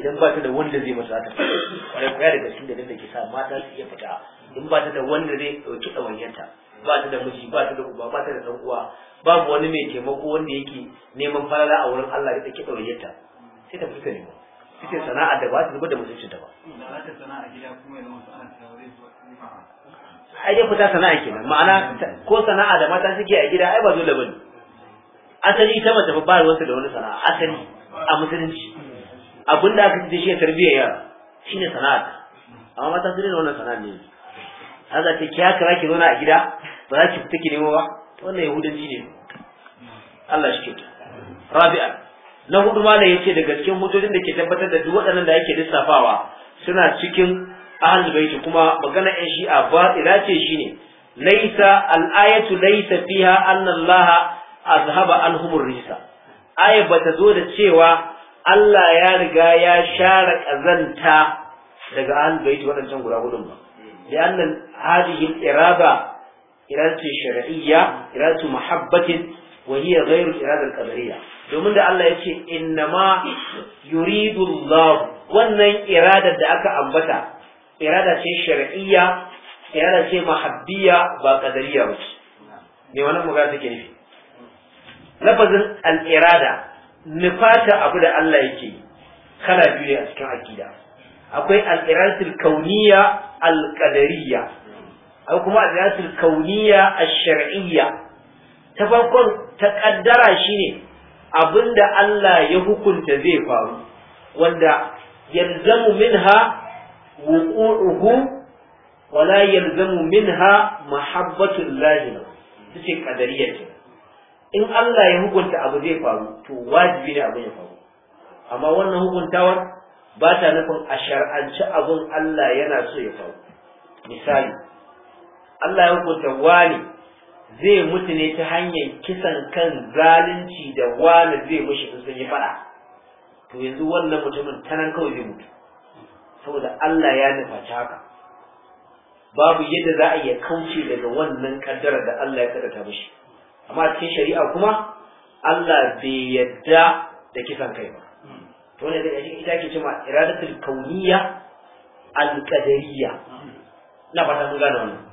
idan ba ta da wanda zai mata ta kwarai kwaya daga cikin da da ke sa mata su iya fita in ba ta da wanda zai dauki ɗawanyanta ba ta da miji ba ta da uba ba ta da uwa babu wani mai taimako wanda yake neman falala a wurin Allah ya ɗauki ɗawanyanta sai ta fita ne ita sana'a da ba ta zuba da mutuncin ta ba ai dai fita sana'a kenan ma'ana ko sana'a da mata suke a gida ai ba dole bane asali ita mace ba ruwanta da wani sana'a asali a musulunci abin da aka ce shi ya tarbiyyar yara shi ne sana'a amma mata su ne wannan sana'a ne haza ce ki haka ki zauna a gida ba za ki fita ki nemo ba wannan yahudanci ne Allah shi kyauta rabi'a na hudu ma ya ce daga cikin hujjojin da ke tabbatar da duk waɗannan da yake lissafawa suna cikin ahlul baiti kuma magana shi a ba ila ce shine laisa al-ayatu laisa fiha anna Allah azhaba anhumur risa aya bata zo da cewa Allah ya riga ya share kazanta daga ahlul bait wadancan guda hudun ba lianna hadhihi irada irada shar'iyya iradatu muhabbatin wa hiya ghayru irada qadariyya domin da Allah yace innama yuridu Allah wannan irada da aka ambata irada ce shar'iyya irada ce mahabbiya ba qadariyya ba me wannan magana take nufi lafazin al'irada nufata abu da Allah yake kana biyu a cikin akida akwai al'iradatul kauniya al-qadariyya akwai kuma al'iradatul kauniya a shariyya ta farkon ta kaddara shine abinda Allah ya hukunta zai faru wanda yanzamu minha wuqu'uhu wala yanzamu minha mahabbatullahi lahu tace qadariyya in Allah ya hukunta abu zai faru to wajibi ne abin ya faru amma wannan hukuntawar ba ta nufin a shar'anci abin Allah yana so ya faru misali Allah ya hukunta wani zai mutu ne ta hanyar kisan kan zalunci da wani zai mushi in sun yi fada to yanzu wannan mutumin ta nan kawai zai mutu saboda Allah ya nufaci haka babu yadda za a iya kauce daga wannan kaddara da Allah ya ta mishi amma cikin shari'a kuma Allah bai yadda da kisan kai ba to ne da ita ke cewa iradatul kauniyya al-qadariyya na fata mun gano wannan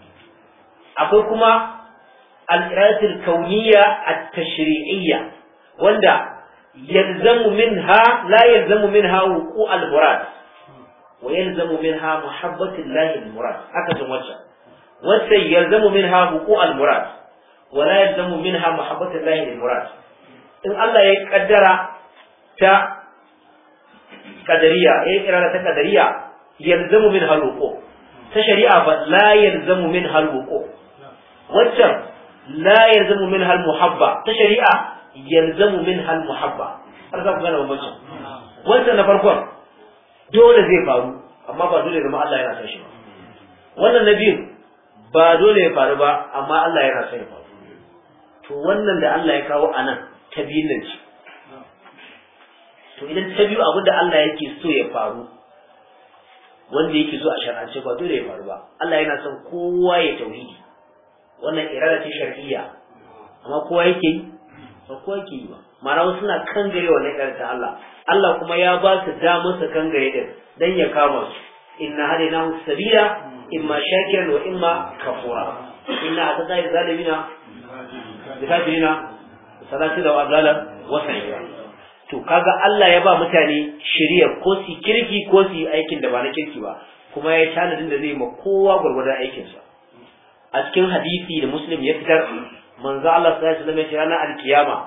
akwai kuma al-iradatul kauniyya at-tashri'iyya wanda يلزم منها لا يلزم منها وقوع المراد ويلزم منها محبة الله المراد هكذا وجه وسي يلزم منها al المراد wala yadlamu minha muhabbatullahi lil murad in Allah ya kaddara ta kadariya ya kirara ta kadariya yalzamu min haluqo ta shari'a ba la yalzamu min haluqo waccan la yalzamu min hal muhabba ta shari'a yalzamu min hal muhabba har za ku gane bambancin wancan na farkon dole zai faru amma ba dole zama Allah yana son shi ba wannan na ba dole ya faru ba amma Allah yana son ya faru to wannan da Allah ya kawo a nan ta biyun nan ce to idan ta biyu abin da Allah yake so ya faru wanda yake so a shar'ance ba dole ya faru ba Allah yana son kowa ya tauhidi wannan irada ce shar'iyya amma kowa yake yi ba kowa yake yi ba mara wasu suna gare wannan irada ta Allah Allah kuma ya ba su damar su kangare din dan ya kama su inna hadainahu sabila imma shakiran wa imma kafura inna hatta zalimina bihadina salati da azala wa sa'ira to kaga Allah ya ba mutane shari'a ko su kirki ko su aikin da ba na kirki ba kuma ya tanadin da zai ma kowa gwargwadon aikinsa a cikin hadisi da muslim ya fitar manzo Allah sallallahu alaihi wasallam ya ce ranar alkiyama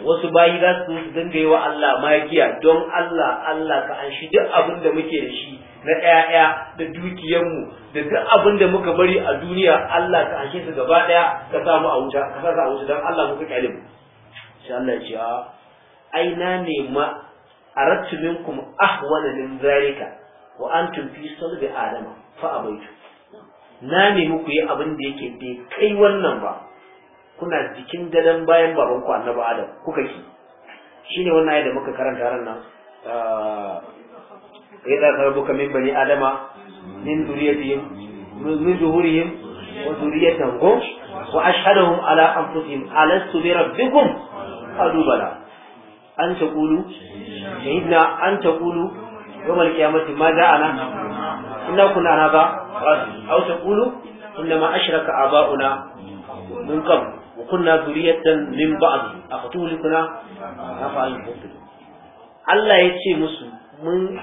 wasu bayi za su dinga yi wa Allah magiya don Allah Allah ka an shi duk abin da muke da shi na ɗaya da dukiyarmu da duk abin da muka bari a duniya Allah ka an shi su gaba ɗaya ka samu a wuta ka sa a wuta don Allah muka kyale sai Allah ce a ai na nema arattu minkum ahwana min zalika wa antum fi salbi adama fa abaitu na nemi ku yi abin da yake bai kai wannan ba kuna jikin gadon bayan baban ku annabi adam kuka ki shine wannan ayat da muka karanta ran nan kai ah, da karbuka min bani adama min zuriyatihim min zuhurihim wa zuriyatihim wa ashhadahum ala anfusihim alastu bi rabbikum qalu bala an taqulu shahidna an taqulu يوم القيامة ما جاءنا إنا كنا هذا أو تقولوا إنما أشرك آباؤنا من قبل wa kunna من بعض ba'd afatuhlikuna afa al Allah ya ce musu mun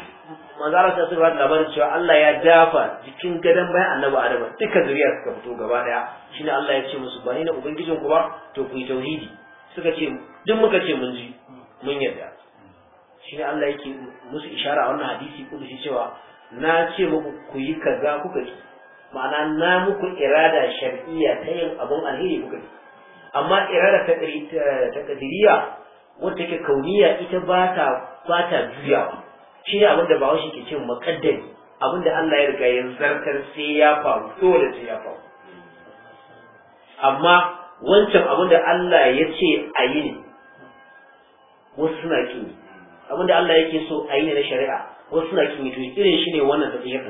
manzara ta sirra labarin cewa Allah ya dafa jikin gadon baya annabi Adam duka zuriyar suka fito gaba daya shine Allah ya ce musu ba na ubangijin ku ba to الله yi مسلم suka ce duk muka ce mun ishara wannan hadisi cewa na ce muku ku kaza kuka ma'ana na muku irada shar'iyya ta yin abun alheri kuka ce amma irada ta kadiriya wata ke kauniya ita ba ta ba ta juyawa shi ne abinda ba shi ke cin makaddari abinda Allah ya riga yin zartar sai ya faru dole sai ya faru amma wancan abinda Allah ya ce a yi ne wasu suna kin yi abinda Allah ya ke so a yi ne na shari'a wasu suna kin yi to irin shi ne wannan tafiyar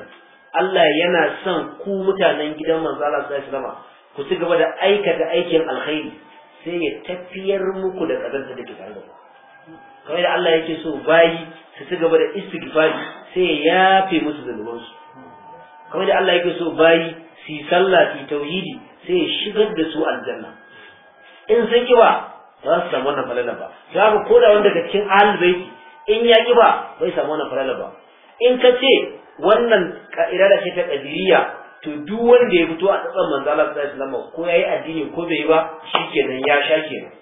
Allah yana son ku mutanen gidan manzo Allah sallallahu su zama ku ci gaba da aikata aikin alkhairi sai ya tafiyar muku da kazanta da ke tare da ku kamar da Allah yake so bayi su ci gaba da istighfari sai ya yafe musu zanubansu kamar da Allah yake so bayi su yi sallah su tauhidi sai ya shigar da su aljanna in sun kiwa ba su samu wannan falala ba za ku ko da wanda cikin ahlul in ya ki ba bai samu wannan falala ba in ka ce wannan ka'ida da ce ta qadiriyya to duk wanda ya fito a tsatsan manzo Allah sallallahu alaihi wasallam ko yayi addini ko bai yi ba shikenan ya sha kenan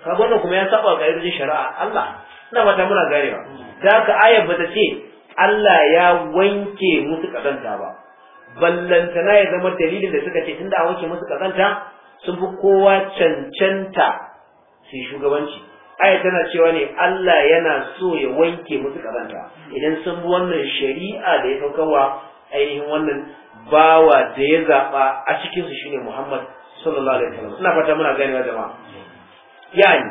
Ka wannan kuma ya saba ga irin shari'a Allah ina fata muna ganewa da haka ayar bata ce Allah ya wanke musu kazanta ba ballantana ya zama dalilin da suka ce tunda a wanke musu kazanta sun fi kowa cancanta su shugabanci aya tana cewa ne Allah yana so ya wanke musu kazanta idan sun bi wannan shari'a da ya saukarwa ainihin wannan bawa da ya zaɓa a cikinsu shine Muhammad sallallahu alaihi wasallam ina fata muna ganewa jama'a yani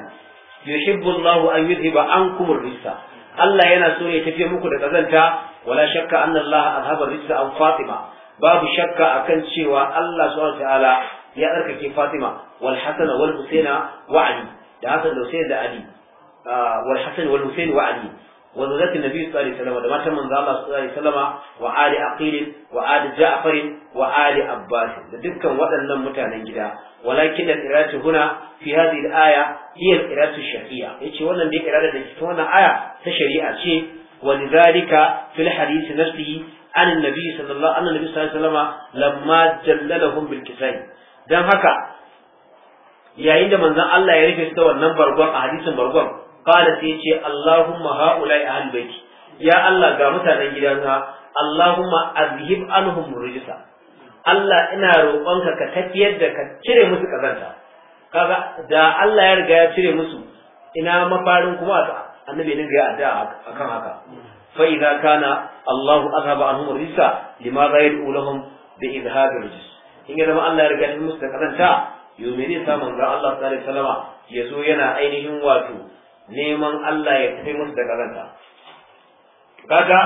yuhibbu Allahu an yuzhiba ankum ar-risa Allah yana so ya tafi muku da kazanta wala shakka anna Allah azhaba ar-risa an Fatima babu shakka akan cewa Allah subhanahu ta'ala ya tsarkake Fatima wal Hasan wal Husaina wa Ali da Hasan da Husain da Ali ah, wal Hasan wal Husain wa Ali وزوجات النبي صلى الله عليه وسلم وما تم من الله صلى الله عليه وسلم وآل عقيل وآل جعفر وآل عباس دكان waɗannan mutanen gida walakin al-iratu huna fi hadhihi al-aya hiya al-iratu shar'iyya yace wannan dai irada da cikin wannan aya ta shari'a ce walidhalika fil hadith nafsihi an an-nabi sallallahu alaihi wasallam lamma jallalahum bil kisai dan haka yayin da manzon Allah ya rufe su da wannan a hadisin bargon qala sai ce, Allahumma haula'i ahl baiti ya Allah ga mutanen gidanka Allahumma azhib anhum rijsa Allah ina roƙonka ka tafiyar da ka cire musu kazanta kaga da Allah ya riga ya cire musu ina mafarin kuma annabi ne ga addu'a akan haka fa idza kana Allahu azhaba anhum rijsa lima yad'u ulahum bi izhab rijs in ya zama Allah ya riga ya cire musu kazanta ne samun ga Allah sallallahu alaihi wasallama yazo yana ainihin wato neman Allah ya tafi musu da kazanta kaga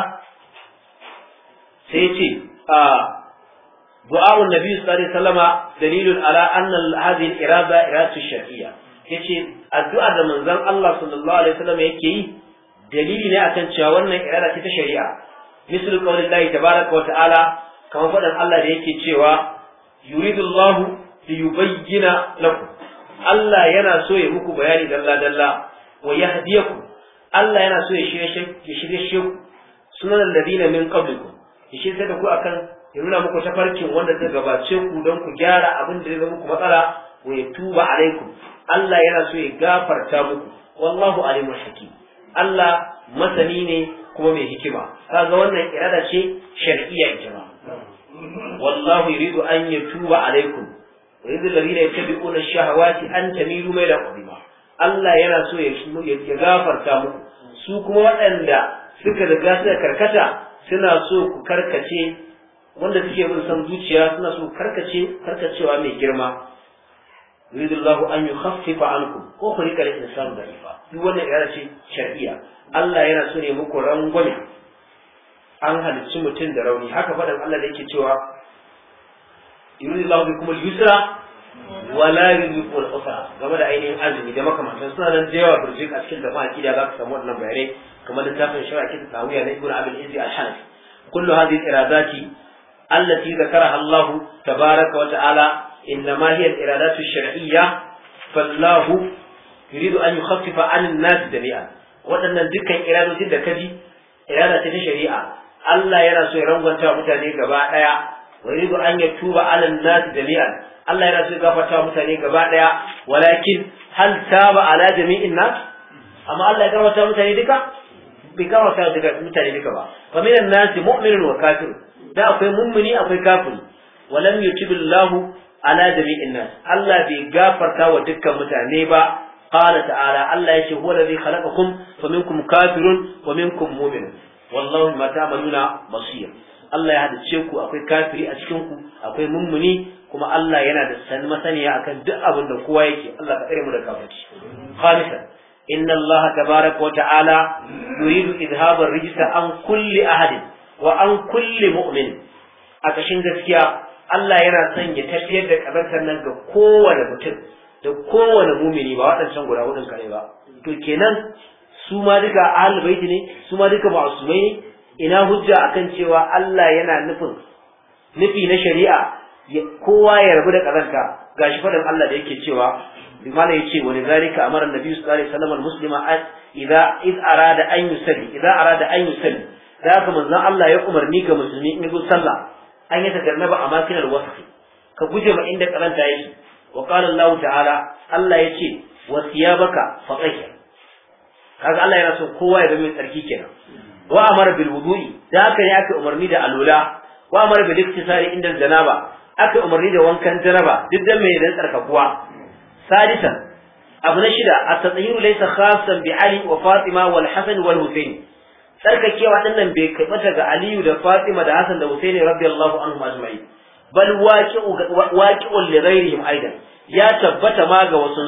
sai ce a du'a'un nabi sallallahu alaihi wasallama dalilun ala anna hadhihi irada iratu shar'iyya yace addu'a da manzon Allah sallallahu alaihi wasallam yake yi dalili ne akan cewa wannan irada ce ta shari'a misal qawli Allah tabaraka wa ta'ala kamar faɗan Allah da yake cewa yuridullahu liyubayyana lakum Allah yana so ya muku bayani dalla dalla wa yahdiyakum Allah yana so ya shirye shi sunan alladina min qablikum ya shirye da ku akan ya nuna muku tafarkin wanda ta gabace ku don ku gyara abin da ya zama muku matsala wa yatuba alaikum Allah yana so ya gafarta muku wallahu alimul hakim Allah masani ne kuma mai hikima kaga wannan irada ce shar'iyya ijma wallahu yuridu an yatuba alaikum wa yuridu alladhina yattabi'una ash-shahawati an tamilu maylan 'azima Allah yana so ya gafarta muku su kuma waɗanda suka riga suka karkata suna so ku karkace wanda suke bin san zuciya suna so karkace karkacewa mai girma yuridu Allah an yukhaffifa ankum ko ku rika insan da rifa duk wannan ya ce shar'iyya Allah yana so ne muku rangwame an halicci mutum da rauni haka faɗin Allah da yake cewa yuridu Allah bikum al-yusra wala yuqul usra game da ainihin azumi da makamantan suna nan da yawa burjik a cikin dafa akida za ka samu wannan bayanai kamar littafin shari'a kitab tawiya na ibnu abul izzi al-hanafi kullu hadhihi iradati allati zakaraha Allah tabaraka wa ta'ala innama hiya al-iradatu ash-shar'iyya fallahu yuridu an yukhaffifa 'ala an-nas dabi'a waɗannan dukkan iradodin da kaji irada ta shari'a Allah yana so ya rangwanta mutane gaba daya wa yuridu an yatuba 'ala an-nas dabi'an Allah yana so gafarta mutane gaba ɗaya, walakin hal taba ala jami'in nas amma Allah ya gafarta mutane duka bai gafarta duka mutane duka ba fa minan nasi mu'minun wa kafir da akwai mummuni akwai kafiri walam yutibillahu ala jami'in nas Allah bai gafarta wa dukkan mutane ba قال تعالى الله يشهد هو الذي خلقكم فمنكم كافر ومنكم مؤمن والله ما تعملون بصير Allah ya hadace ku akwai kafiri a cikin ku akwai mummuni kuma Allah yana da san masaniya akan duk abin da kowa yake Allah ka tsare mu da kafirci khalisan inna Allah tabaraka wa ta'ala yuridu idhabar rijsa an kulli ahadin wa an kulli mu'min a kashin gaskiya Allah yana son ya tafiyar da kazantar nan ga kowane mutum da kowane mumini ba waɗancan guda hudun kare ba to kenan su ma duka ahlul ne su ma duka ma'asumai ne ina hujja akan cewa Allah yana nufin nufi na shari'a kowa ya rabu da kazanta gashi faɗin Allah da yake cewa malai yace wani zalika amara nabi sallallahu alaihi wasallam muslima idza id arada an yusalli idza arada an yusalli zaka manzon Allah ya umarni ga musulmi in yi sallah an yi tagannaba a makinar wasfi ka guje ma inda karanta yake wa qala Allah ta'ala Allah yace wa thiyabaka fatahhir kaga Allah yana so kowa ya zama mai tsarki kenan wa amara bil wudu'i da haka ya aka umarni da alula wa amara bil iktisari inda janaba aka umarni da wankan janaba duk da mai dan tsarkakuwa sadisan abu na shida at-tatahiru laysa khassan bi ali wa fatima wal hasan wal husayn tsarkakewa dinnan bai kaɓata ga aliyu da fatima da hasan da husaini radiyallahu anhum ajma'in bal waqi'un li ghayrihim aidan ya tabbata ma ga wasu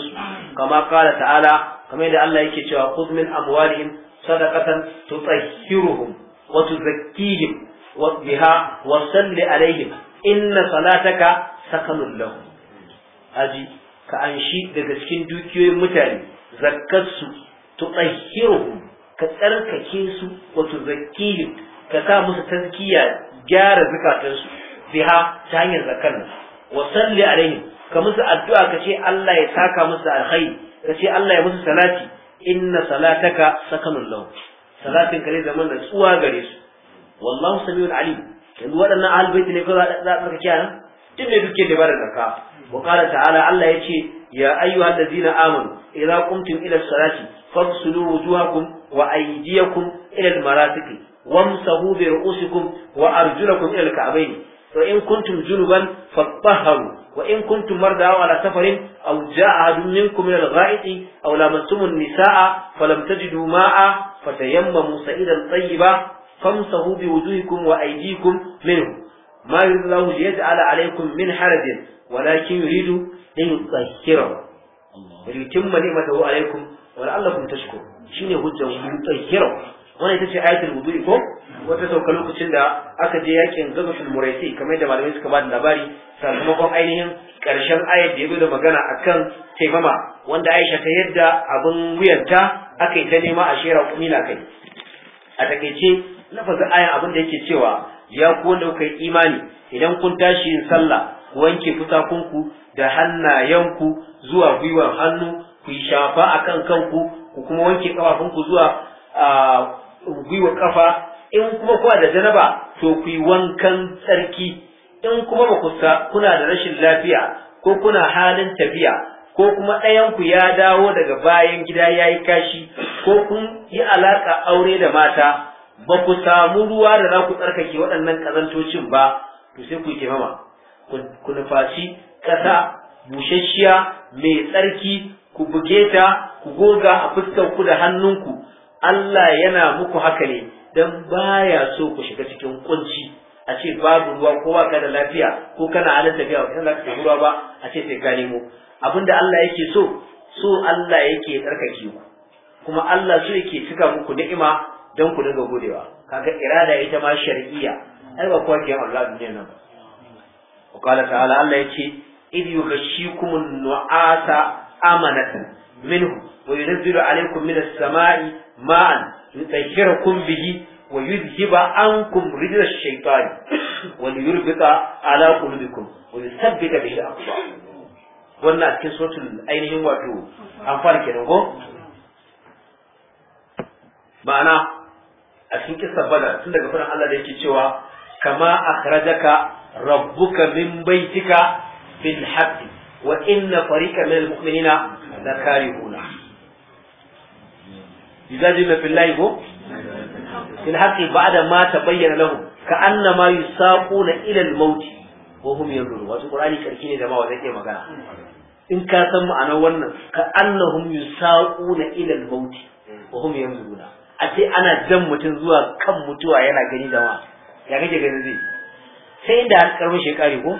kama qala ta'ala kamar da Allah yake cewa khudh min amwalihim sadaqatan tutahhiruhum wa tuzakkihim wa biha wa salli alaihim inna salataka sakanun lahum aji ka anshi daga cikin dukiyoyin mutane zakkarsu tutahhiruhum ka tsarkake su wa tuzakkihim ka sa musu tazkiya gyara zukatansu biha ta hanyar zakar nan wa ka musu addu'a ka ce Allah ya saka musu alkhairi ka ce Allah ya musu salati inna salataka sakanun lahu salatin ka zai zama natsuwa gare su wallahu samiul alim yanzu waɗannan ahlul bait ne kawai za a tsaka kiyaye duk ne duke da bada zakka wa qala ta'ala Allah yace ya ayyuhal ladzina amanu idza qumtum ila salati faghsilu wujuhakum wa aydiyakum ila al-marafiqi wamsahu bi ru'usikum wa arjulakum ila al wa in kuntum junuban fatahharu wa in kuntum marda aw ala safarin aw jaa ahadun minkum min al-gha'iti aw lamastum nisaa falam tajidu ma'a fatayammamu sa'idan tayyiba famsahu biwujuhikum wa aydikum minhu ma yuridu Allahu liyaj'ala alaykum min harajin walakin yuridu an yutahhirakum wa yutimma ni'matahu alaykum shine wannan ita ce ayatul wudu'i ko wata sauka lokacin da aka je yakin gazafin muraisi kamar yadda malamai suka ba da labari sakamakon ainihin karshen ayat da ya zo da magana akan taimama wanda aisha ta yadda abin wuyanta aka yi ta nema a shera kumila kai a takaice lafazin ayan abin da yake cewa ya ku wanda kuka yi imani idan kun tashi yin sallah ku wanke fusakunku da hannayenku zuwa gwiwar hannu ku yi shafa akan kanku ku kuma wanke kafafunku zuwa ah, gwiwa kafa in kuma kuwa da janaba to ku yi wankan tsarki in kuma ba ku kuna da rashin lafiya ko kuna halin tafiya ko kuma ɗayan ku ya dawo daga bayan gida ya yi kashi ko kun yi alaƙa aure da mata ba ku samu ruwa da za ku tsarkake waɗannan ƙazantocin ba to sai ku yi ku nufaci ƙasa busasshiya mai tsarki ku buge ta ku goga a fuskar ku da hannunku Allah yana muku haka ne dan baya so ku shiga cikin kunci a ce babu ruwa ko ba ka da lafiya ko kana halin tafiya ba kana da ruwa ba a ce sai ka nemo abinda Allah yake so so Allah yake tsarkake ku kuma Allah so yake cika muku ni'ima don ku dinga godewa kaga irada ita ma shar'iyya ai ba kowa ke yin Allah duniyar nan wa qala ta'ala Allah yake idh yughashshikumun nu'asa amanatan منه وينزل عليكم من السماء ماء يطهركم به ويذهب عنكم رجل الشيطان وليربط على قلوبكم ويثبت به الأقدام wannan a cikin ainihin wato an fara kenan ko ma'ana a cikin kissa bada tun daga farin Allah da ke cewa kama akhrajaka rabbuka min baitika bil haqq wa mu'minina In إذا ba'da ma tabayyana lahum ka anna ma yusaquna ila al maut wa hum ينظرون wa Qur'ani karki ne da ma wazake magana in ka san ma'anar wannan ka annahum yusaquna ila al-maut wa hum yanzuruna a ce ana jan mutum zuwa kan mutuwa yana gani da ma ya kake ganin zai sai inda har karfin shekari ko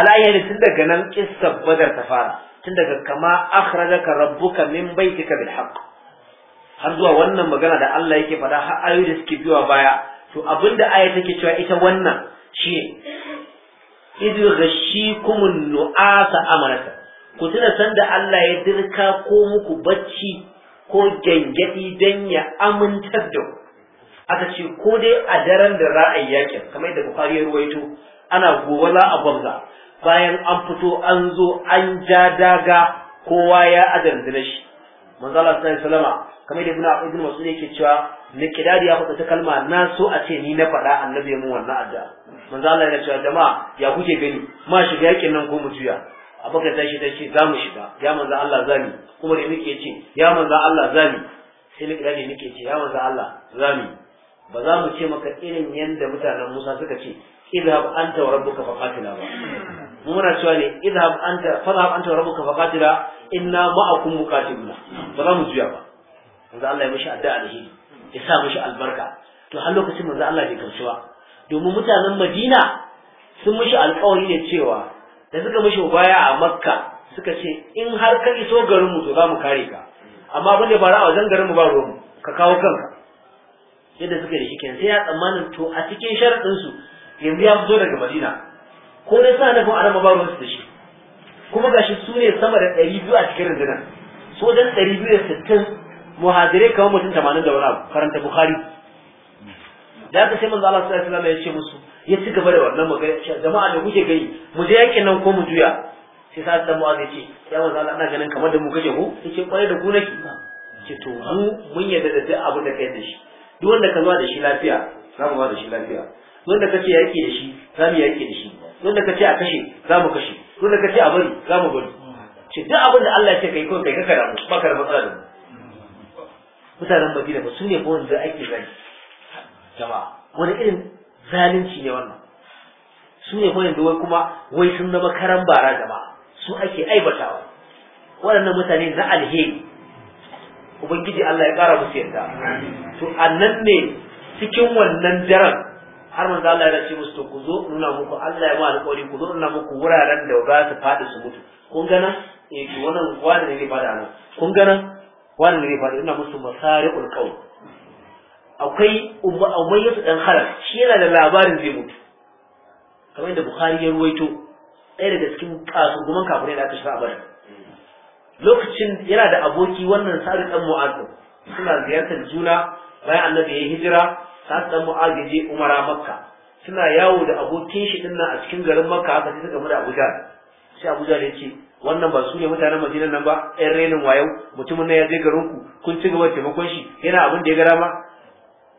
alayyar tun daga nan kissa badar ta fara tun daga kama akhrajaka rabbuka min baitika bil haqq har zuwa wannan magana da Allah yake faɗa har ayoyi da suke biyowa baya to abinda aya take cewa ita wannan shi idu ghashikumun nu'asa amanata ku tuna sanda Allah ya dirka ko muku bacci ko gangadi dan ya amintar da ku aka ce ko dai a daren da ra'ayi yakin kamar yadda Bukhari ya ruwaito ana gobe za a gwamza bayan an fito an zo an ja daga kowa ya adardina shi manzo Allah sallallahu alaihi kamar da ibnu ibn mas'ud yake cewa ni kidari ya fada ta kalma na so a ce ni na faɗa annabi mu mun wannan adda. manzo Allah ya cewa jama'a ya kuke gani ma shiga yakin nan ko mu juya abaka ta shi ta ce za mu shiga ya manzo Allah zani kuma da nake ce ya manzo Allah zani sai ni kidari nake ce ya manzo Allah zani ba za mu ce maka irin yanda mutanen Musa suka ce idhab anta wa rabbuka faqatila ba muna cewa ne idhab anta fadhhab anta rabbuka faqatila inna ma'akum muqatiluna ba za mu juya ba manzo Allah ya mishi addu'a shi ya sa mishi albarka to har lokacin manzo Allah bai gamsu ba domin mutanen Madina sun mishi alƙawari ne cewa da suka mishi baya a Makka suka ce in har ka iso garin mu to za mu kare ka amma abin da ba a wajen garin mu ba ruwan ka kawo kanka yadda suka yi shi kenan sai ya tsammanin to a cikin sharaɗin su yanzu ya fito daga Madina ko dai suna nufin arama ba ruwansu da shi kuma gashi su ne sama da ɗari biyu a cikin rundunar sojan ɗari biyu da sittin muhajirai kamar mutum tamanin da wani abu karanta bukhari da aka sai manzo Allah sallallahu alaihi wasallam ya ce musu ya ci gaba da wannan magana jama'a da kuke gani mu je yakin nan ko mu juya sai sa dan mu'az ya ce ya manzo Allah ana ganin kamar da mu kake ko yace kware da ku nake ce to mu mun yarda da duk abin da kai da shi duk wanda ka zo da shi lafiya za mu ba da shi lafiya wanda kace yake da shi za mu yake da shi tun da ce a kashe za mu kashe tun da ce a bari za mu bari ce duk abin da Allah ya ce kai ko kai ka karamu ba ka da matsala da mu mutanen Madina ba su ne ba wanda ake zai jama'a wani irin zalunci ne wannan su ne wani da wai kuma wai sun zama karan bara jama'a su ake aibatawa waɗannan mutane na alheri ubangiji Allah ya ƙara musu yarda to annan ne cikin wannan daren har manzo Allah ya ce musu to ku zo nuna muku Allah ya ma alƙawari ku zo nuna muku wuraren da ba su faɗi su mutu kun gana eh to wannan wani ne zai faɗi nan kun gana wani ne zai faɗi ina musu masariqul qawl akwai umayyah dan haram shi yana da labarin zai mutu kamar yadda Bukhari ya ruwaito ɗaya daga cikin kasunguman kafirai da aka shiga a lokacin yana da aboki wannan sa'ad dan mu'azzam suna ziyartar juna bayan annabi ya hijira sa'ad dan mu'az je umara makka suna yawo da abokin shi dinnan a cikin garin makka haka sai suka mu da abuja sai abuja ne ce wannan ba su ne mutanen madina nan ba ɗan renin wayo mutumin nan ya je garin ku kun ci gaba taimakon shi yana abin da ya gara ma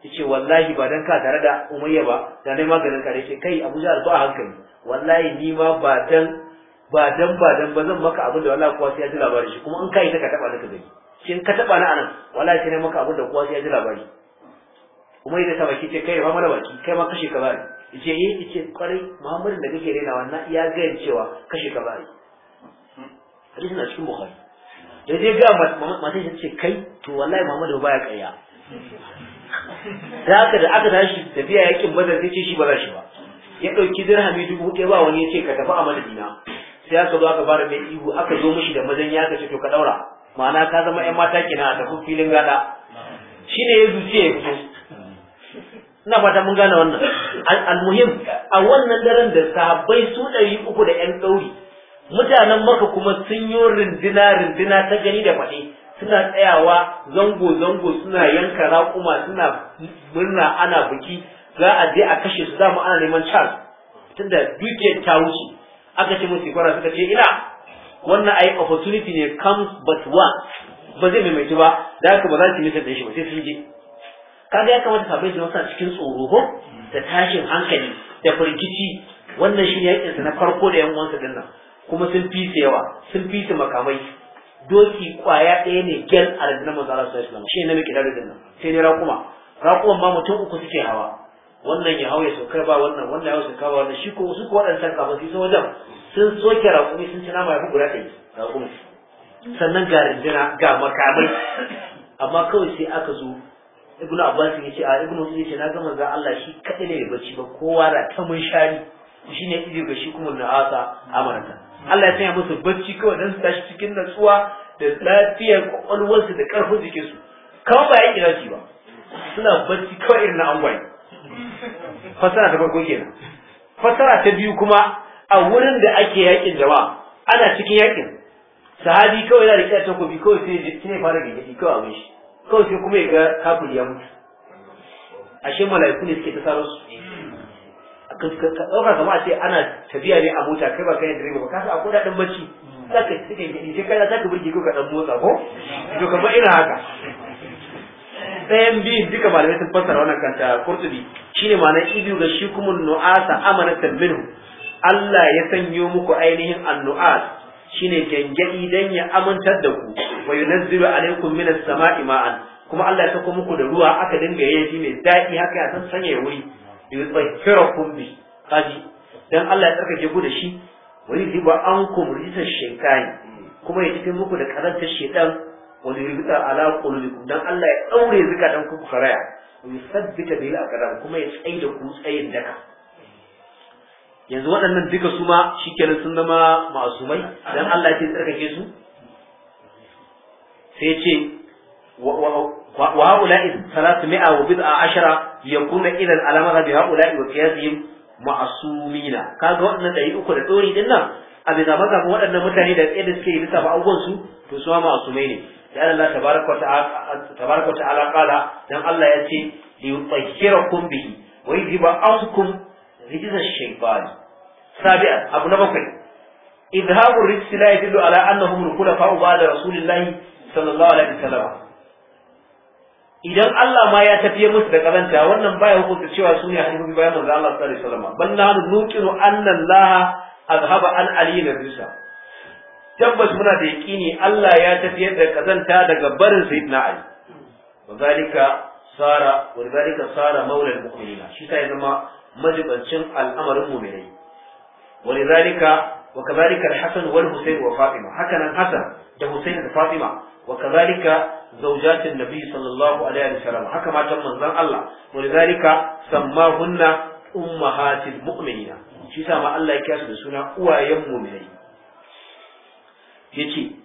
yace wallahi ba dan ka tare da umayya ba da nai maganin kare yace kai abuja ba a hankali wallahi ni ma ba dan ba dan ba dan ba zan maka abin da wallahi kuwa sai ya ji labarin shi kuma in kai ta ka taba ka gani shin ka taba na anan wallahi sai maka abin da kuwa sai ya ji labarin kuma ya ta baki ce kai ba mana baki kai ma kashe ka bari yace eh yace kwarai muhammadin da kake rena wannan ya ga cewa kashe ka bari hadisi na cikin bukhari da dai ga mata shi ce kai to wallahi muhammadu baya ƙarya da haka da aka tashi tafiya yakin bazan sai ce shi ba za shi ba ya ɗauki dirhami dubu ɗaya ba wani ya ce ka tafi a dina sai aka zo aka fara mai ihu aka zo mishi da mazan ya ka ce to ka ɗaura ma'ana ka zama 'yan mata kenan a tafi filin gada shine ya zuciya ya fito ina fata mun gane wannan almuhim a wannan daren da sahabbai su ɗari uku da ƴan ɗauri mutanen maka kuma sun yi rindina rindina ta gani da faɗi suna tsayawa zango zango suna yanka raƙuma suna murna ana biki za a je a kashe su zamu ana neman charles tunda dukiyar ta wuce aka ce musu kwara suka ce ina wannan ai opportunity ne comes but one. ba zai maimaitu ba da haka ba za su yi nisa da shi ba sai sun je kaga ya kamata sabai su wasa cikin tsoro ko da tashin hankali da firgici wannan shi ne sa na farko da yan uwansa din nan kuma sun fi yawa sun fi su makamai doki kwaya ɗaya ne gel a da nan mazara su alaihi shi ne muke dare din nan sai dai raƙuma rakuman ma mutum uku suke hawa wannan ya hauye saukar ba wannan wannan ya hauye saukar ba wannan shi ko su ko waɗancan kafin su wajen sun soke raƙumi sun ci nama ya fi guda ɗaya. raƙumi sannan ga rinjina ga makamai amma kawai sai aka zo ibn abbas ya ce a ibn wasu ya ce na ga manzon Allah shi kadai ne bacci ba kowa na ta mun shi ne ido ga shi kuma na asa amarka Allah ya sanya musu bacci kawai dan su tashi cikin natsuwa da lafiyar kwakwalwarsu da karfin su, kawai ba yan iraki ba suna bacci kawai irin na angwai fasara ta farko kenan fasara ta biyu kuma a wurin da ake yakin jama'a ana cikin yakin sahabi kawai yana da kyau takobi kawai sai ne fara gaggadi kawai a shi kawai sai kuma ya ga kafin ya mutu ashe mala'iku ne suke ta saro su ka ɗauka kama a ce ana tafiya ne a mota kai ba kai da direba ba kasa akwai daɗin bacci za ka suke gidi sai kai za ka burge ko ka ɗan motsa ko to kamar ina haka ɗayan biyun duka malamai sun fassara wannan kanta kurtubi shine ma'anar idu ga shi kuma nu'asa amanatan minhu Allah ya sanyo muku ainihin annu'as shine gangadi dan ya amintar da ku wa yunazzilu alaikum minas sama'i ma'an kuma Allah ya sako muku da ruwa aka dinga yayi mai daɗi haka ya san sanya wuri yutahhirakum bi kaji dan Allah ya tsarkake ku da shi wa an ankum rijsa shaytani kuma ya tafi muku da karantar shaytan wa yuzhiba ala qulubikum dan Allah ya daure zukatan ku karaya wa yusabbita bil aqdam kuma ya da ku tsayin daka yanzu waɗannan duka su ma shikenan sun zama ma'asumai Don Allah ya tsarkake su sai ce wa haula'i salatu mi'a wa bid'a ashara ya ila idan alama bi haula'i wa qiyasihim ma'asumina kaga waɗannan ɗari uku da ɗori ɗin nan a bai zama zafin waɗannan mutane da yadda suke bisa ba abubuwan su to su ma ma'asumai ne da Allah tabaraka ta'ala qala don Allah ya ce li yutahhirakum bihi wa yudhiba ankum rijizar shaitani sabi'an abu na bakwai إذهاب الرجس لا يدل على أنهم الخلفاء بعد رسول الله صلى الله عليه وسلم idan Allah ma ya tafiye musu da karanta wannan baya hukunta cewa su ne hanyoyi bayan manzo Allah sallallahu alaihi wasallam na hannu nuqiru anna Allah azhaba an ali na risa tabbas muna da yaqini Allah ya tafiye da kazanta daga barin sayyidina ali wazalika sara wazalika sara maulal mu'minina shi sai zama majibancin al'amarin muminai wani zalika wa kazalika al-hasan wal husayn wa fatima haka nan da husayn da fatima wa kazalika zawjatin nabi sallallahu alaihi wa sallam haka matan manzon Allah wani zalika sammahunna ummahatil mu'minina shi sa ma Allah ya kiyasu da suna uwayen muminai yace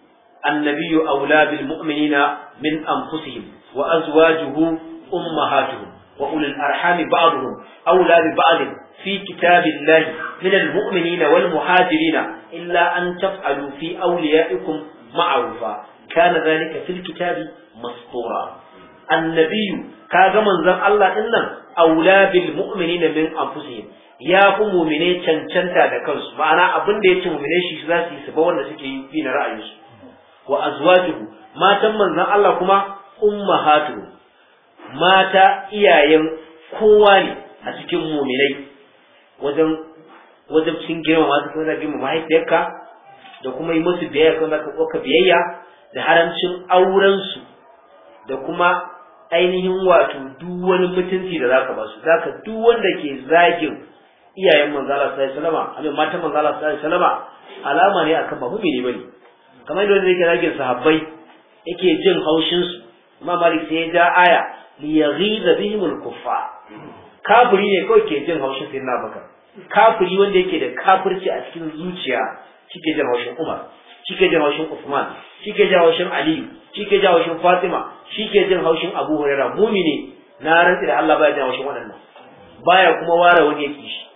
annabiyyu aula bil mu'minina min anfusihim wa azwajuhu ummahatuhum وأولي الأرحام بعضهم أولى ببعض في كتاب الله من المؤمنين والمهاجرين إلا أن تفعلوا في أوليائكم معروفا كان ذلك في الكتاب مسطورا النبي كاغا منزل الله إنن أولى بالمؤمنين من أنفسهم ya fi mumine cancanta da kansu ma'ana abin da ya ce mumine shi za su yi su ba wanda suke yi bi na ra'ayinsu wa azwajuhu matan manzon Allah kuma ummahatuhu mata iyayen kowa ne a cikin muminai wajen wajen cin girmama su kuma zabi mu mahaifiyarka da kuma yi musu biyayya kuma zaka ɗauka biyayya da haramcin aurensu, da kuma ainihin wato duk wani mutunci da zaka ba su zaka duk wanda ke zagin iyayen manzala su sallallahu alaihi wasallam amin matan manzala su sallallahu alaihi wasallam alama ne akan ba mumini bane kamar yadda yake zagin sahabbai yake jin haushin su Imam Malik sai ya ja aya liyaghiza bihim al-kuffar kafiri ne kawai ke jin haushin na Abubakar kafiri wanda yake da kafirci a cikin zuciya kike jin haushin Umar kike jin haushin Uthman kike jin haushin Ali kike jin haushin Fatima kike jin haushin Abu Hurairah mumini na rantsi da Allah baya jin haushin waɗannan baya kuma ware wani yake shi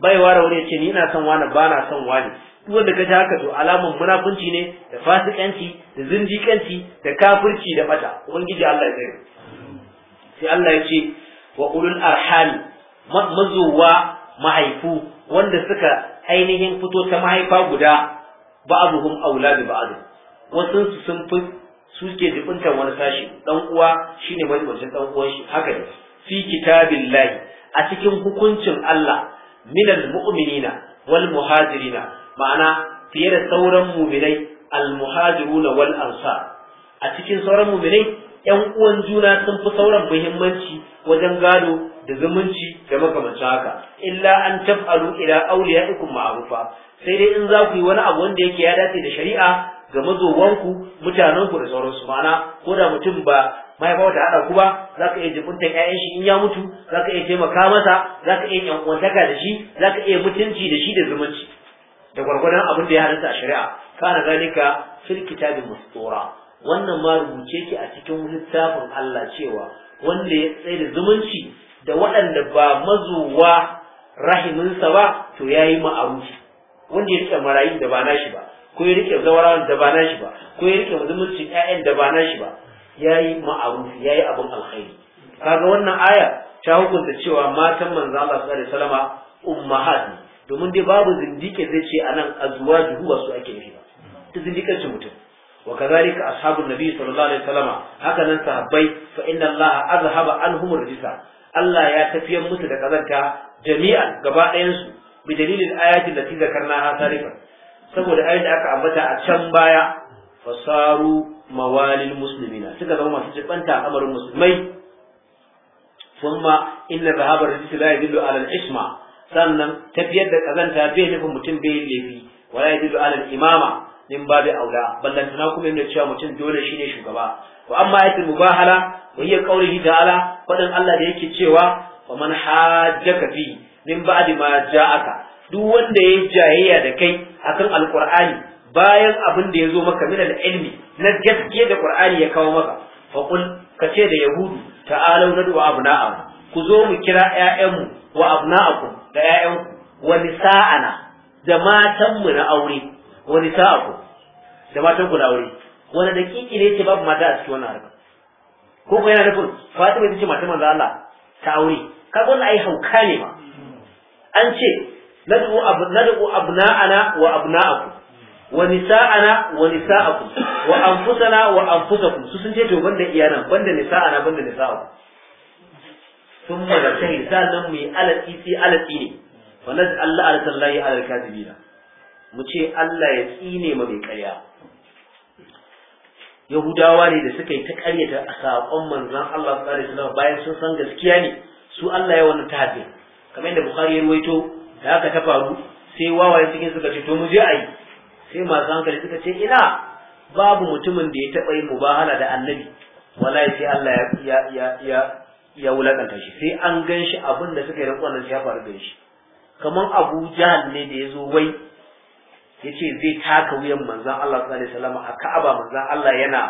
Baya ware wani yake ni ina son wani ba na son wani duk wanda kaje haka to alamun munafunci ne da fasikanci da zindiƙanci da kafirci da bata ubangiji Allah ya kare sai Allah ya ce wa ulul arhami mazowa mahaifu wanda suka ainihin fito ta mahaifa guda ba'aduhum aula bi ba'd wasu su sun fi suke jibinta wani sashi dan uwa shine mai majalisar dan uwan shi haka ne fi kitabillahi a cikin hukuncin Allah minal mu'minina wal muhajirina ma'ana fiye da sauran mu'minai al muhajiruna wal ansar a cikin sauran mu'minai ‘yan uwan juna sun fi sauran muhimmanci wajen gado da zumunci da makamanci haka illa an taf'alu ila awliyaikum ma'rufa sai dai in za ku yi wani abu wanda yake ya dace da shari'a ga mazowanku mutanenku da sauransu ma'ana ko da mutum ba ba ta haɗa ku ba za ka iya jibintar ƴaƴan shi in ya mutu za ka iya taimaka masa za ka iya ƴan uwantaka da shi za ka iya mutunci da shi da zumunci da gwargwadon abin da ya halitta a shari'a kana zalika fil kitabin mustura wannan ma rubuce ki a cikin littafin Allah cewa wanda ya tsaye da zumunci da waɗanda ba mazowa rahiminsa ba to ya yi ma'arufi wanda ya rike marayu da ba nashi ba ko ya rike zawarawan da ba nashi ba ko ya rike zumuncin ƴaƴan da ba nashi ba ya yi ma'arufi ya yi abin alkhairi kaga wannan aya ta hukunta cewa matan manzo Allah sallallahu alaihi ummahat domin dai babu zindike zai ce anan azwajuhu wasu ake nufi ba ta zindikar mutum وكذلك أصحاب النبي صلى الله عليه وسلم هكذا صحابي فإن الله أذهب عنهم الرجس الله يتفي مت كذلك جميعا غبا ɗayansu بدليل الآيات التي ذكرناها سابقا saboda ayoyin da aka ambata a can baya fasaru mawalil muslimina suka zama masu jibanta amarin musulmai thumma inna zahabar rijis la yadullu ala al-isma sannan tafiyar da kazanta bai nufin mutum bai laifi imama min babi aula ballantana kuma yana cewa mutum dole shine shugaba to amma ayatul mubahala wa hiya qawlihi ta'ala fadan Allah da yake cewa wa man hajjaka fi min ba'di ma ja'aka duk wanda ya jayayya da kai akan alqur'ani bayan abin da yazo maka min ilmi na gaskiya da qur'ani ya kawo maka fa kun kace da yahudu ta'alu nadu abna'am ku zo mu kira ƴaƴanmu wa abna'akum da wani wa nisa'ana da mu na aure wani ku? da matan ku na wuri wani kiki ne ce babu mata a cikin wannan harkar ko ko yana nufin Fatima ita ce mata manzo Allah ta aure ka wannan ai hauka ne ma an ce nad'u abu nad'u abna'ana wa abna'akum wa nisa'ana wa nisa'akum wa anfusana wa anfusakum su sun ce to banda iyanan banda nisa'ana banda nisa'akum sun magarta hisanin mai alatsi sai alatsi ne wa naz'alla ala sallahi ala kadibina mu ce Allah ya tsine ma mai ƙarya Yahudawa ne da suka yi ta ƙaryata a saƙon manzon Allah sallallahu alaihi wasallam bayan sun san gaskiya ne su Allah ya wannan tafi kamar yadda Bukhari ya ruwaito da haka ta faru sai wawaye cikin suka ce to mu je ayi sai masu hankali suka ce ina babu mutumin da ya taɓa yin mubahala da annabi wallahi sai Allah ya ya ya ya wulakanta shi sai an gan shi abin da suka yi rikon nan ya faru da shi kamar Abu Jahal ne da ya zo wai yace zai taka wuyan manzon Allah sallallahu alaihi wasallam a Ka'aba manzon Allah yana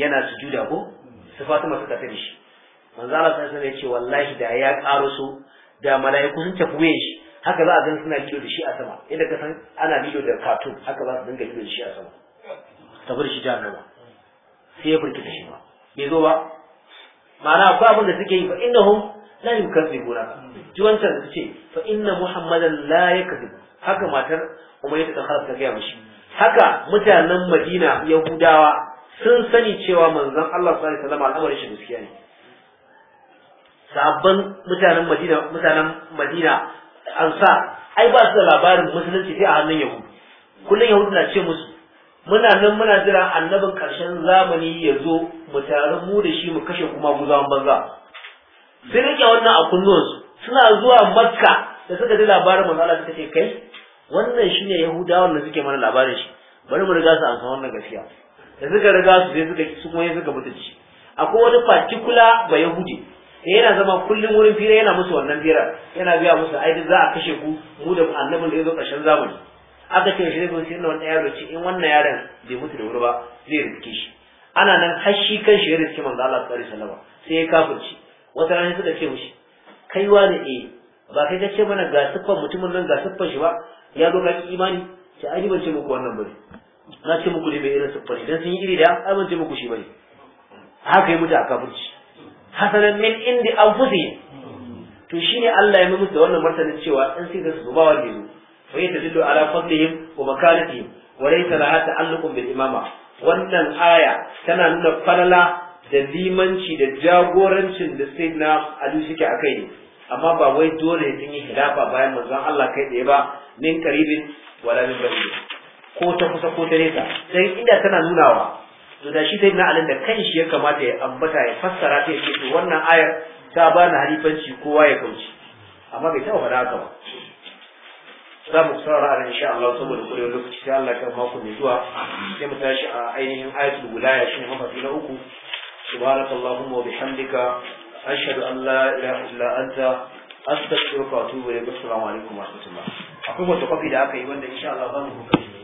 yana sujuda ko su Fatima suka tafi shi manzon Allah sallallahu alaihi wasallam yace wallahi da ya karo su da mala'iku sun tafi wuyan shi haka za a ga suna kiyo da shi a sama inda ka san ana biyo da katun haka za su dinga kiyo da shi a sama saboda shi jahannama sai ya furta shi ba bai zo ba ma'ana ba abin da suke yi fa innahum la yukazzibuna Juwan ta da ce fa inna muhammadan la yakazzibu haka matar umar ta khalaf ta gaya mishi haka mutanen madina yahudawa sun sani cewa manzan Allah sallallahu alaihi wasallam al'amarin shi gaskiya ne sabban mutanen madina mutanen madina an sa ai ba su da labarin musulunci sai a hannun yahudu kullum yahudu na ce musu muna nan muna jira annabin karshen zamani ya zo mu taru mu da shi mu kashe kuma zama banza sai rike wannan a kunnuwansu suna zuwa makka da suka ji labarin manzo Allah suka ce kai wannan shine yahudawan da suke mana labarin shi bari mu riga su an san wannan gaskiya da suka riga su sai suka su kuma suka mutunci akwai wani particular ba yahudi da eh, yana zama kullum wurin fira yana musu wannan fira yana biya musu ai za a kashe ku mu da annabin da ya zo karshen zamani aka ce shi zai sai wannan yaro ce in wannan yaron bai mutu da wuri ba zai riske shi ana nan har shi kan shi ya riske manzo Allah sallallahu alaihi wasallam sai ya kafirci wata rana suka ce mishi kaiwa ne eh ba kai ka ce mana ga siffar mutumin nan ga siffar shi ba ya zo ka imani sai an yi bance muku wannan bane na ce muku ne bai irin siffan idan sun yi iri da ai ban ce muku shi bane haka yi mutu a kafirci hasanan min indi an fusi to shi ne Allah ya musu da wannan martanin cewa in sai da su ba wanda yazo fa yatadillu ala fadlihim wa makalatihim wa laysa laha ta'alluqun bil imama wannan aya tana nuna falala da limanci da jagorancin da sai na Ali suke akai ne amma ba wai dole sun yi hilafa bayan manzon Allah kai tsaye ba min karibin wala min bari ko ta kusa ko ta nesa sai inda tana nunawa to da shi na alin da shi ya kamata ya ambata ya fassara ta yake to wannan ayar ta ba na halifanci kowa ya kauce amma bai taɓa faɗa haka ba za mu saurara a insha Allah saboda kurewar lokaci sai Allah kan mako mai zuwa sai mu tashi a ainihin ayatul wilaya shine mafafi na uku subhanakallahumma wa bihamdika ashhadu an la ilaha illa anta astaghfiruka wa atubu ilayk assalamu alaikum wa akwai wata kwafi da aka yi wanda insha Allah za